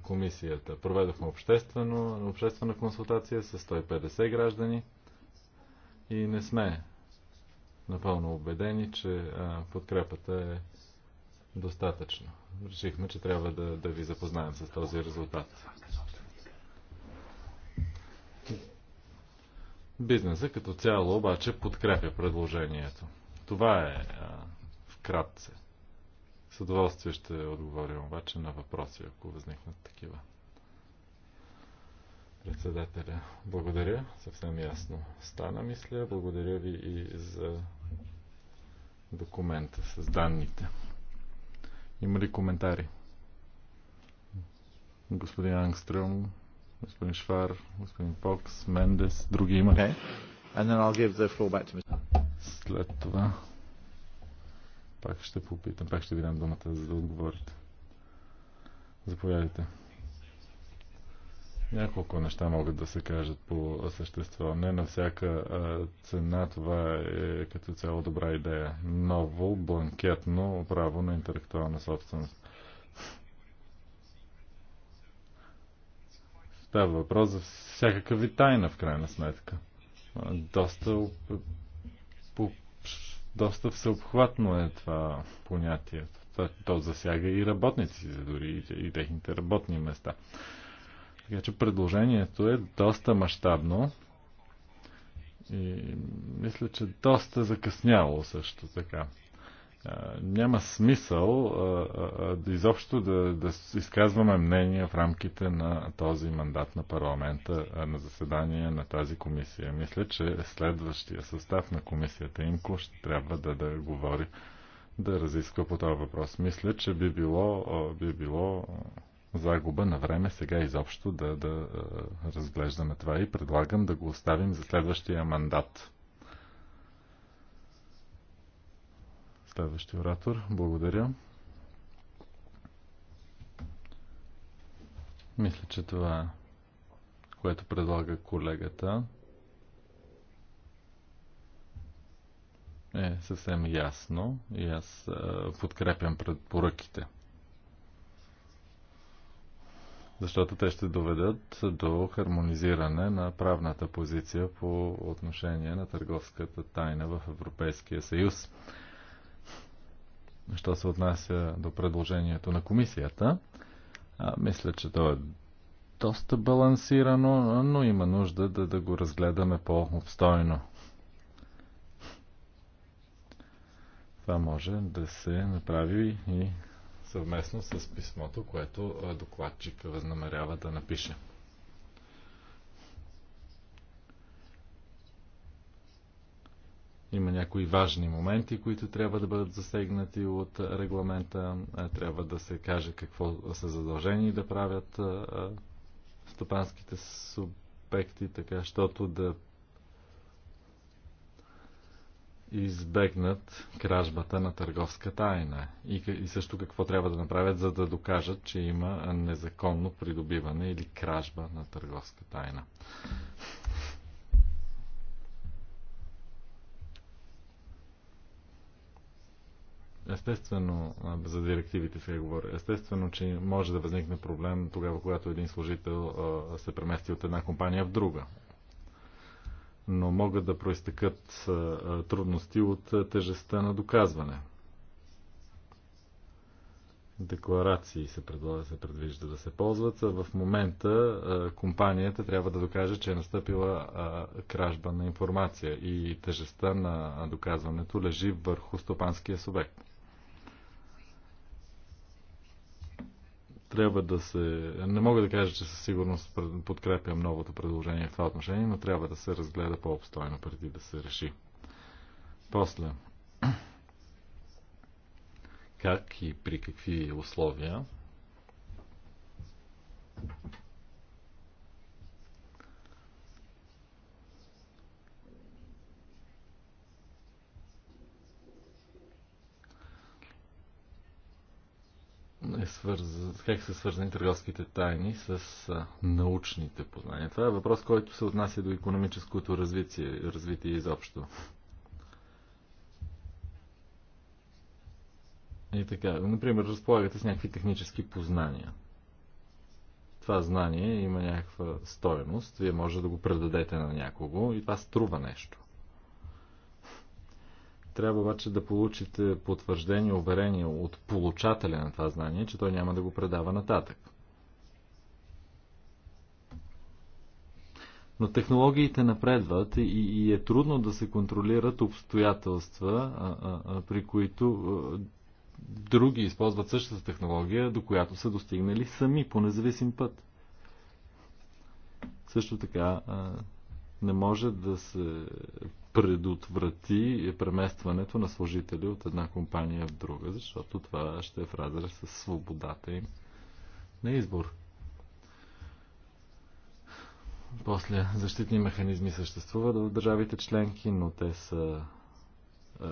комисията. Проведохме обществено, обществена консултация с 150 граждани и не сме напълно убедени, че подкрепата е достатъчна. Решихме, че трябва да, да ви запознаем с този резултат. Бизнеса като цяло обаче подкрепя предложението. Това е а, вкратце. С удоволствие ще отговоря обаче на въпроси, ако възникнат такива. Председателя, благодаря. Съвсем ясно стана, мисля. Благодаря ви и за документа с данните. Има ли коментари? Господин Ангстрюм, господин Швар, господин Покс, Мендес, други има. Okay. And then I'll give the floor back to Mr. След това пак ще попитам, пак ще ви дам думата, за да отговорите. Заповядайте. Няколко неща могат да се кажат по същество. Не на всяка цена това е като цяло добра идея. Ново, бланкетно право на интелектуална собственост. Става въпрос за всякакъв ви тайна, в крайна сметка. Доста доста всеобхватно е това понятие. То, то засяга и работници, дори и, и техните работни места. Така че предложението е доста мащабно и мисля, че доста закъсняло също така няма смисъл изобщо да, да изказваме мнение в рамките на този мандат на парламента на заседание на тази комисия. Мисля, че следващия състав на комисията Имко ще трябва да, да говори, да разисква по този въпрос. Мисля, че би било, би било загуба на време сега изобщо да, да разглеждаме това и предлагам да го оставим за следващия мандат. Следващия оратор. Благодаря. Мисля, че това, което предлага колегата, е съвсем ясно и аз подкрепям предпоръките. Защото те ще доведат до хармонизиране на правната позиция по отношение на търговската тайна в Европейския съюз що се отнася до предложението на комисията. А, мисля, че то е доста балансирано, но има нужда да, да го разгледаме по-обстойно. Това може да се направи и съвместно с писмото, което докладчика възнамерява да напише. Има някои важни моменти, които трябва да бъдат засегнати от регламента. Е, трябва да се каже какво са задължени да правят е, е, стопанските субекти, така, щото да избегнат кражбата на търговска тайна и, и също какво трябва да направят, за да докажат, че има незаконно придобиване или кражба на търговска тайна. Естествено, за директивите сега говоря, естествено, че може да възникне проблем тогава, когато един служител се премести от една компания в друга. Но могат да проистъкат трудности от тежестта на доказване. Декларации се, предлага, се предвижда да се ползват. В момента компанията трябва да докаже, че е настъпила кражба на информация и тежестта на доказването лежи върху стопанския субект. трябва да се... Не мога да кажа, че със сигурност подкрепям новото предложение в това отношение, но трябва да се разгледа по-обстойно преди да се реши. После. Как и при какви условия е свързан, как са свързани търговските тайни с а, научните познания. Това е въпрос, който се отнася до економическото развитие, развитие изобщо. И така, например, разполагате с някакви технически познания. Това знание има някаква стоеност, вие може да го предадете на някого и това струва нещо. Трябва обаче да получите потвърждение, уверение от получателя на това знание, че той няма да го предава нататък. Но технологиите напредват и, и е трудно да се контролират обстоятелства, а, а, а, при които а, други използват същата технология, до която са достигнали сами по независим път. Също така а, не може да се предотврати преместването на служители от една компания в друга, защото това ще е в разрез с свободата им на избор. После защитни механизми съществуват в държавите членки, но те са е,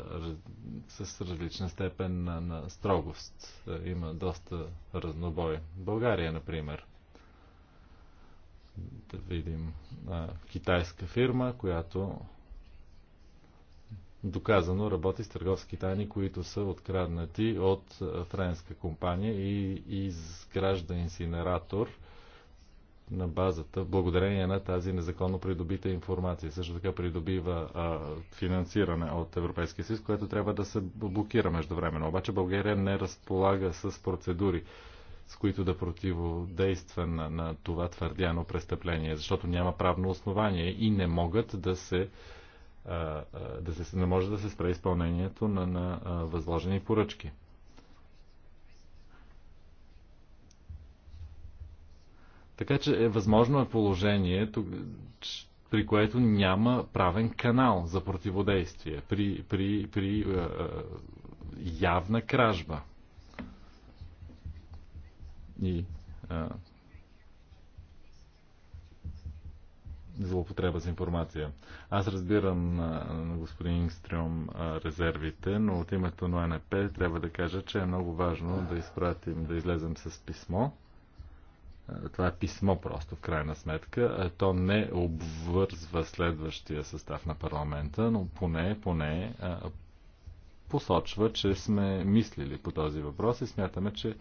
с различна степен на, на строгост. Е, има доста разнобой. България, например. Да видим а, е, китайска фирма, която доказано работи с търговски тайни, които са откраднати от френска компания и изгражда инсинератор на базата, благодарение на тази незаконно придобита информация. Също така придобива а, финансиране от Европейския съюз, което трябва да се блокира междувременно. Обаче България не разполага с процедури, с които да противодейства на, на това твърдяно престъпление, защото няма правно основание и не могат да се да, се, не може да се спре изпълнението на, на възложени поръчки. Така че е възможно е положение, при което няма правен канал за противодействие, при, при, при явна кражба. И злоупотреба с информация. Аз разбирам на господин Ингстрюм резервите, но от името на НП трябва да кажа, че е много важно да изпратим, да излезем с писмо. Това е писмо просто, в крайна сметка. То не обвързва следващия състав на парламента, но поне, поне посочва, че сме мислили по този въпрос и смятаме, че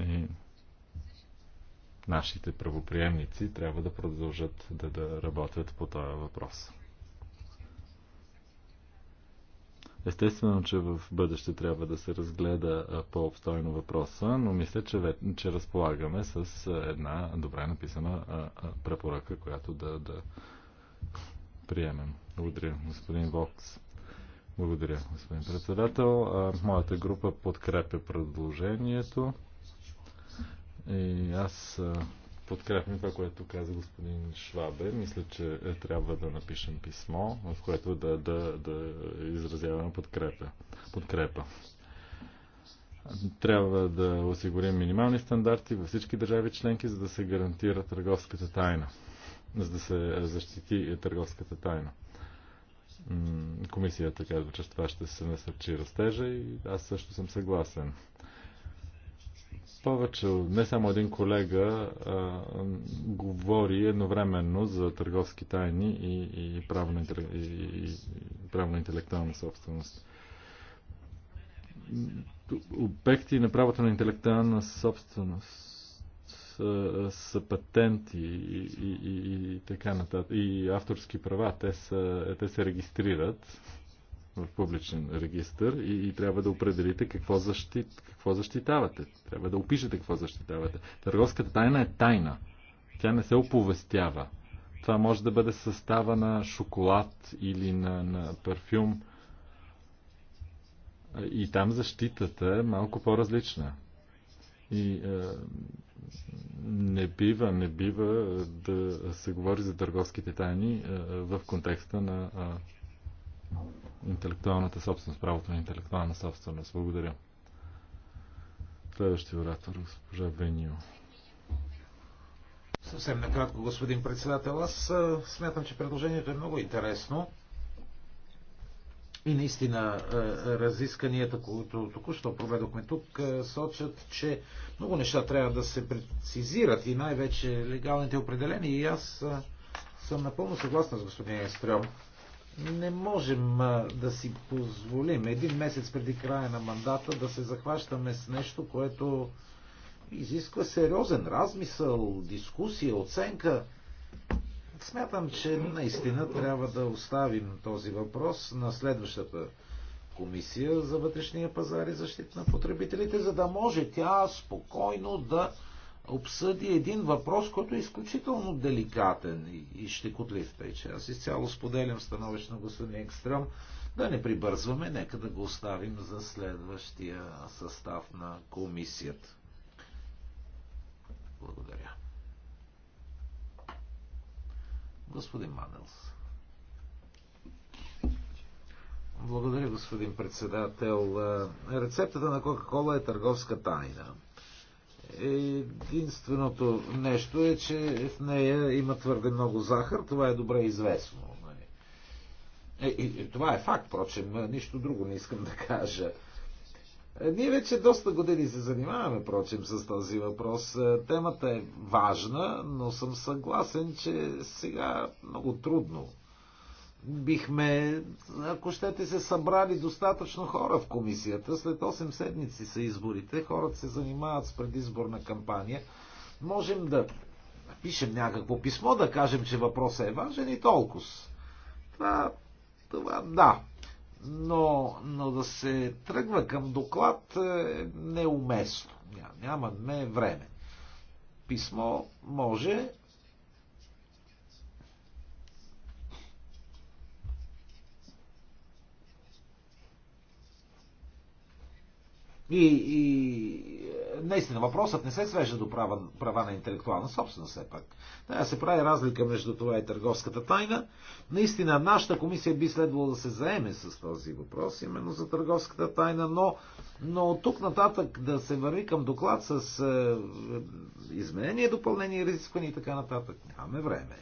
е нашите правоприемници трябва да продължат да, да работят по този въпрос. Естествено, че в бъдеще трябва да се разгледа по-обстойно въпроса, но мисля, че, че разполагаме с една добре написана препоръка, която да, да приемем. Благодаря, господин Вокс. Благодаря, господин председател. Моята група подкрепя предложението. И е, аз подкрепям това, което каза господин Швабе. Мисля, че е, трябва да напишем писмо, в което да, да, да изразяваме подкрепа. подкрепа. Трябва да осигурим минимални стандарти във всички държави членки, за да се гарантира търговската тайна, за да се е, защити търговската тайна. Комисията казва, че това ще се насърчи растежа и аз също съм съгласен повече, не само един колега а, говори едновременно за търговски тайни и, и, правна, и, и интелектуална собственост. Обекти на правото на интелектуална собственост са, са патенти и, и, и, и така нататък, и авторски права. Те, са, те се регистрират в публичен регистр и, и трябва да определите какво, защит, какво защитавате. Трябва да опишете какво защитавате. Търговската тайна е тайна. Тя не се оповестява. Това може да бъде състава на шоколад или на, на парфюм. И там защитата е малко по-различна. И е, не бива, не бива да се говори за търговските тайни е, в контекста на е, интелектуалната собственост, правото на интелектуална собственост. Благодаря. Следващия оратор, госпожа Венио. Съвсем накратко, господин председател. Аз смятам, че предложението е много интересно. И наистина разисканията, които току-що проведохме тук, сочат, че много неща трябва да се прецизират и най-вече легалните определения. И аз съм напълно съгласна с господин Стрём. Не можем да си позволим един месец преди края на мандата да се захващаме с нещо, което изисква сериозен размисъл, дискусия, оценка. Смятам, че наистина трябва да оставим този въпрос на следващата комисия за вътрешния пазар и защита на потребителите, за да може тя спокойно да обсъди един въпрос, който е изключително деликатен и, щекотлив. Тъй, че аз изцяло споделям становище на господин Екстрам. Да не прибързваме, нека да го оставим за следващия състав на комисията. Благодаря. Господин Манелс. Благодаря, господин председател. Рецептата на Кока-Кола е търговска тайна. Единственото нещо е, че в нея има твърде много захар. Това е добре известно. Нали? Е, и, и, това е факт, прочем. Нищо друго не искам да кажа. Ние вече доста години се занимаваме, впрочем, с този въпрос. Темата е важна, но съм съгласен, че сега много трудно бихме, ако щете, се събрали достатъчно хора в комисията. След 8 седмици са изборите, хората се занимават с предизборна кампания. Можем да напишем някакво писмо, да кажем, че въпросът е важен и толкова. Това, това да. Но, но да се тръгва към доклад е неуместно. Нямаме е време. Писмо може, И, и наистина въпросът не се свежда до права, права на интелектуална собственост все пак. Трябва да се прави разлика между това и търговската тайна. Наистина нашата комисия би следвало да се заеме с този въпрос, именно за търговската тайна, но, но от тук нататък да се върви към доклад с е, изменение, допълнение, изисквания и така нататък. Нямаме време.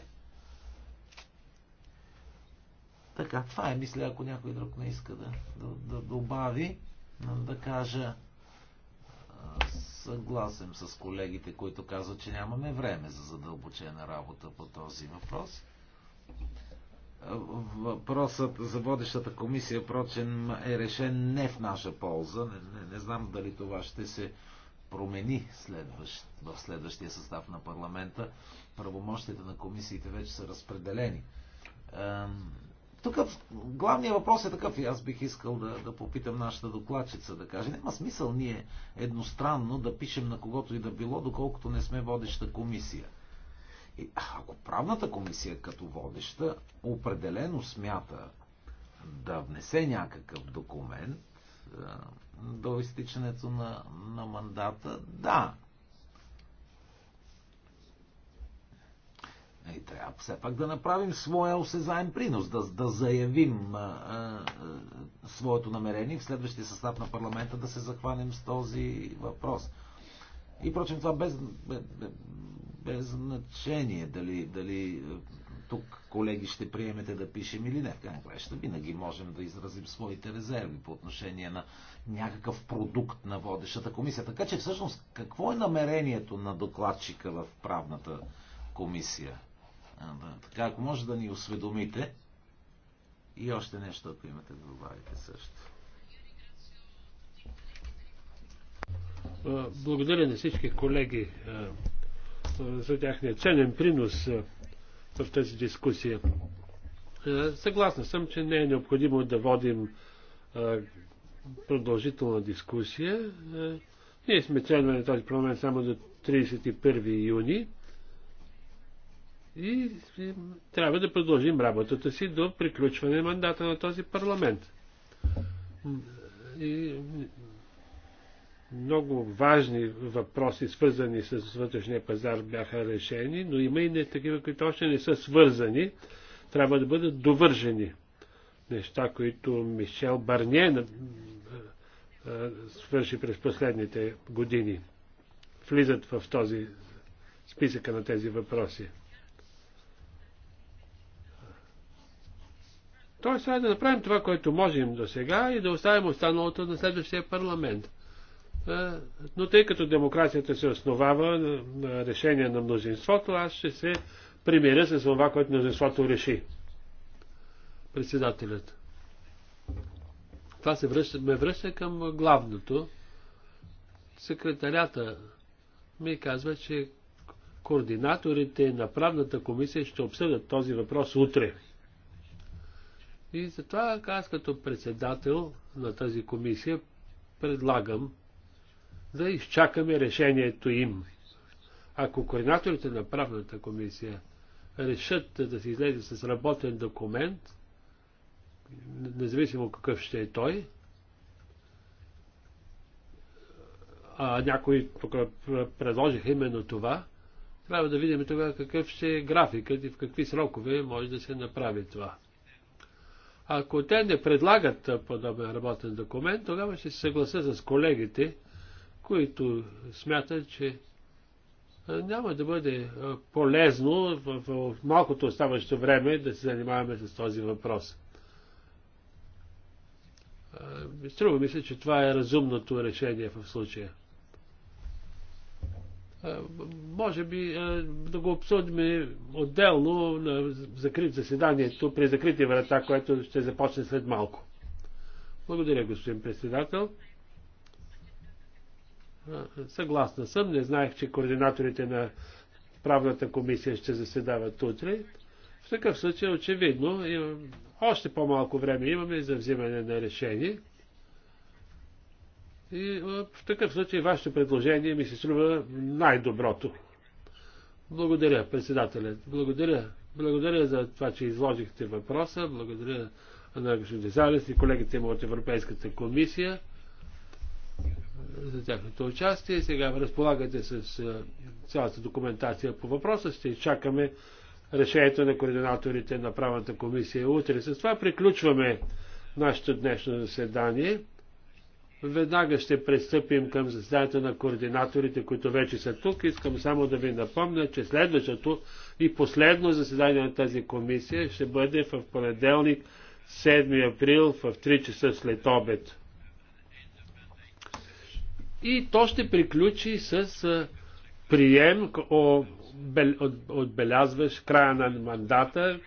Така, това е, мисля, ако някой друг не иска да, да, да добави да кажа, съгласен с колегите, които казват, че нямаме време за задълбочена работа по този въпрос. Въпросът за водещата комисия, прочен, е решен не в наша полза. Не, не, не знам дали това ще се промени следващ, в следващия състав на парламента. Правомощите на комисиите вече са разпределени. Тук главният въпрос е такъв и аз бих искал да, да попитам нашата докладчица да каже. Няма смисъл ние едностранно да пишем на когото и да било, доколкото не сме водеща комисия. И, ако правната комисия като водеща определено смята да внесе някакъв документ е, до изтичането на, на мандата, да, И е, трябва все пак да направим своя осезаем принос, да, да заявим а, а, своето намерение в следващия състав на парламента да се захванем с този въпрос. И прочим това без, без, без значение дали, дали тук колеги ще приемете да пишем или не. В крайна краща винаги можем да изразим своите резерви по отношение на някакъв продукт на водещата комисия. Така че всъщност какво е намерението на докладчика в правната комисия? Така, ако може да ни осведомите и още нещо, ако имате да добавите също. Благодаря на всички колеги за тяхния ценен принос в тази дискусия. Съгласна съм, че не е необходимо да водим продължителна дискусия. Ние сме членове на този парламент само до 31 юни. И трябва да продължим работата си до приключване мандата на този парламент. И много важни въпроси, свързани с вътрешния пазар, бяха решени, но има и не такива, които още не са свързани. Трябва да бъдат довържени. Неща, които Мишел Барние свърши през последните години, влизат в този списъка на тези въпроси. Тоест, трябва да направим това, което можем до сега и да оставим останалото на следващия парламент. Но тъй като демокрацията се основава на решение на мнозинството, аз ще се примиря с това, което мнозинството реши. Председателят. Това се връща, ме връща към главното. Секретарята ми казва, че координаторите на правната комисия ще обсъдят този въпрос утре. И затова аз като председател на тази комисия предлагам да изчакаме решението им. Ако координаторите на правната комисия решат да се излезе с работен документ, независимо какъв ще е той, а някои тук предложиха именно това, трябва да видим тогава какъв ще е графикът и в какви срокове може да се направи това. Ако те не предлагат подобен работен документ, тогава ще се съглася с колегите, които смятат, че няма да бъде полезно в, малкото оставащо време да се занимаваме с този въпрос. Струва ми се, че това е разумното решение в случая. Е, може би е, да го обсъдим отделно на закрит заседанието при закрити врата, което ще започне след малко. Благодаря, господин председател. Е, съгласна съм. Не знаех, че координаторите на правната комисия ще заседават утре. В такъв случай, очевидно, още по-малко време имаме за взимане на решение. И в такъв случай вашето предложение ми се струва най-доброто. Благодаря, председателя. Благодаря. Благодаря за това, че изложихте въпроса. Благодаря на господин Залес и колегите му от Европейската комисия за тяхното участие. Сега разполагате с цялата документация по въпроса. Ще изчакаме решението на координаторите на правната комисия утре. С това приключваме нашето днешно заседание. Веднага ще пристъпим към заседанието на координаторите, които вече са тук. Искам само да ви напомня, че следващото и последно заседание на тази комисия ще бъде в понеделник, 7 април, в 3 часа след обед. И то ще приключи с прием, отбелязващ края на мандата.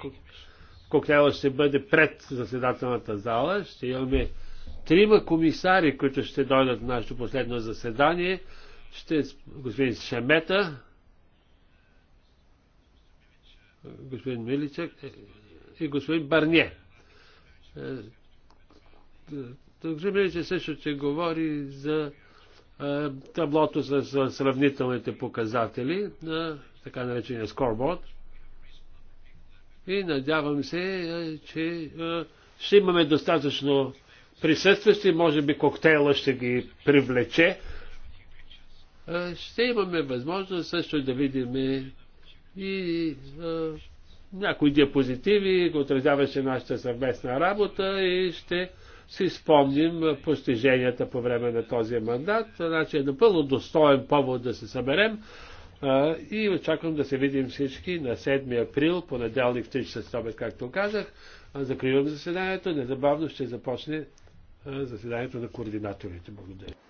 когато ще бъде пред заседателната зала. Ще имаме трима комисари, които ще дойдат на нашето последно заседание. Ще господин Шемета, господин Миличек е, и господин Барне. Господин е, Миличек също ще говори за е, таблото с сравнителните показатели на така наречения скорборд. И надявам се, че ще имаме достатъчно присъстващи, може би коктейла ще ги привлече. Е, ще имаме възможност също да видим и а, е, някои диапозитиви, отразяваше нашата съвместна работа и ще си спомним постиженията по време на този мандат. Значи е напълно достоен повод да се съберем а, е, и очаквам да се видим всички на 7 април, понеделник в 3 часа както казах. Закривам заседанието, незабавно ще започне заседанието на координаторите. Благодаря.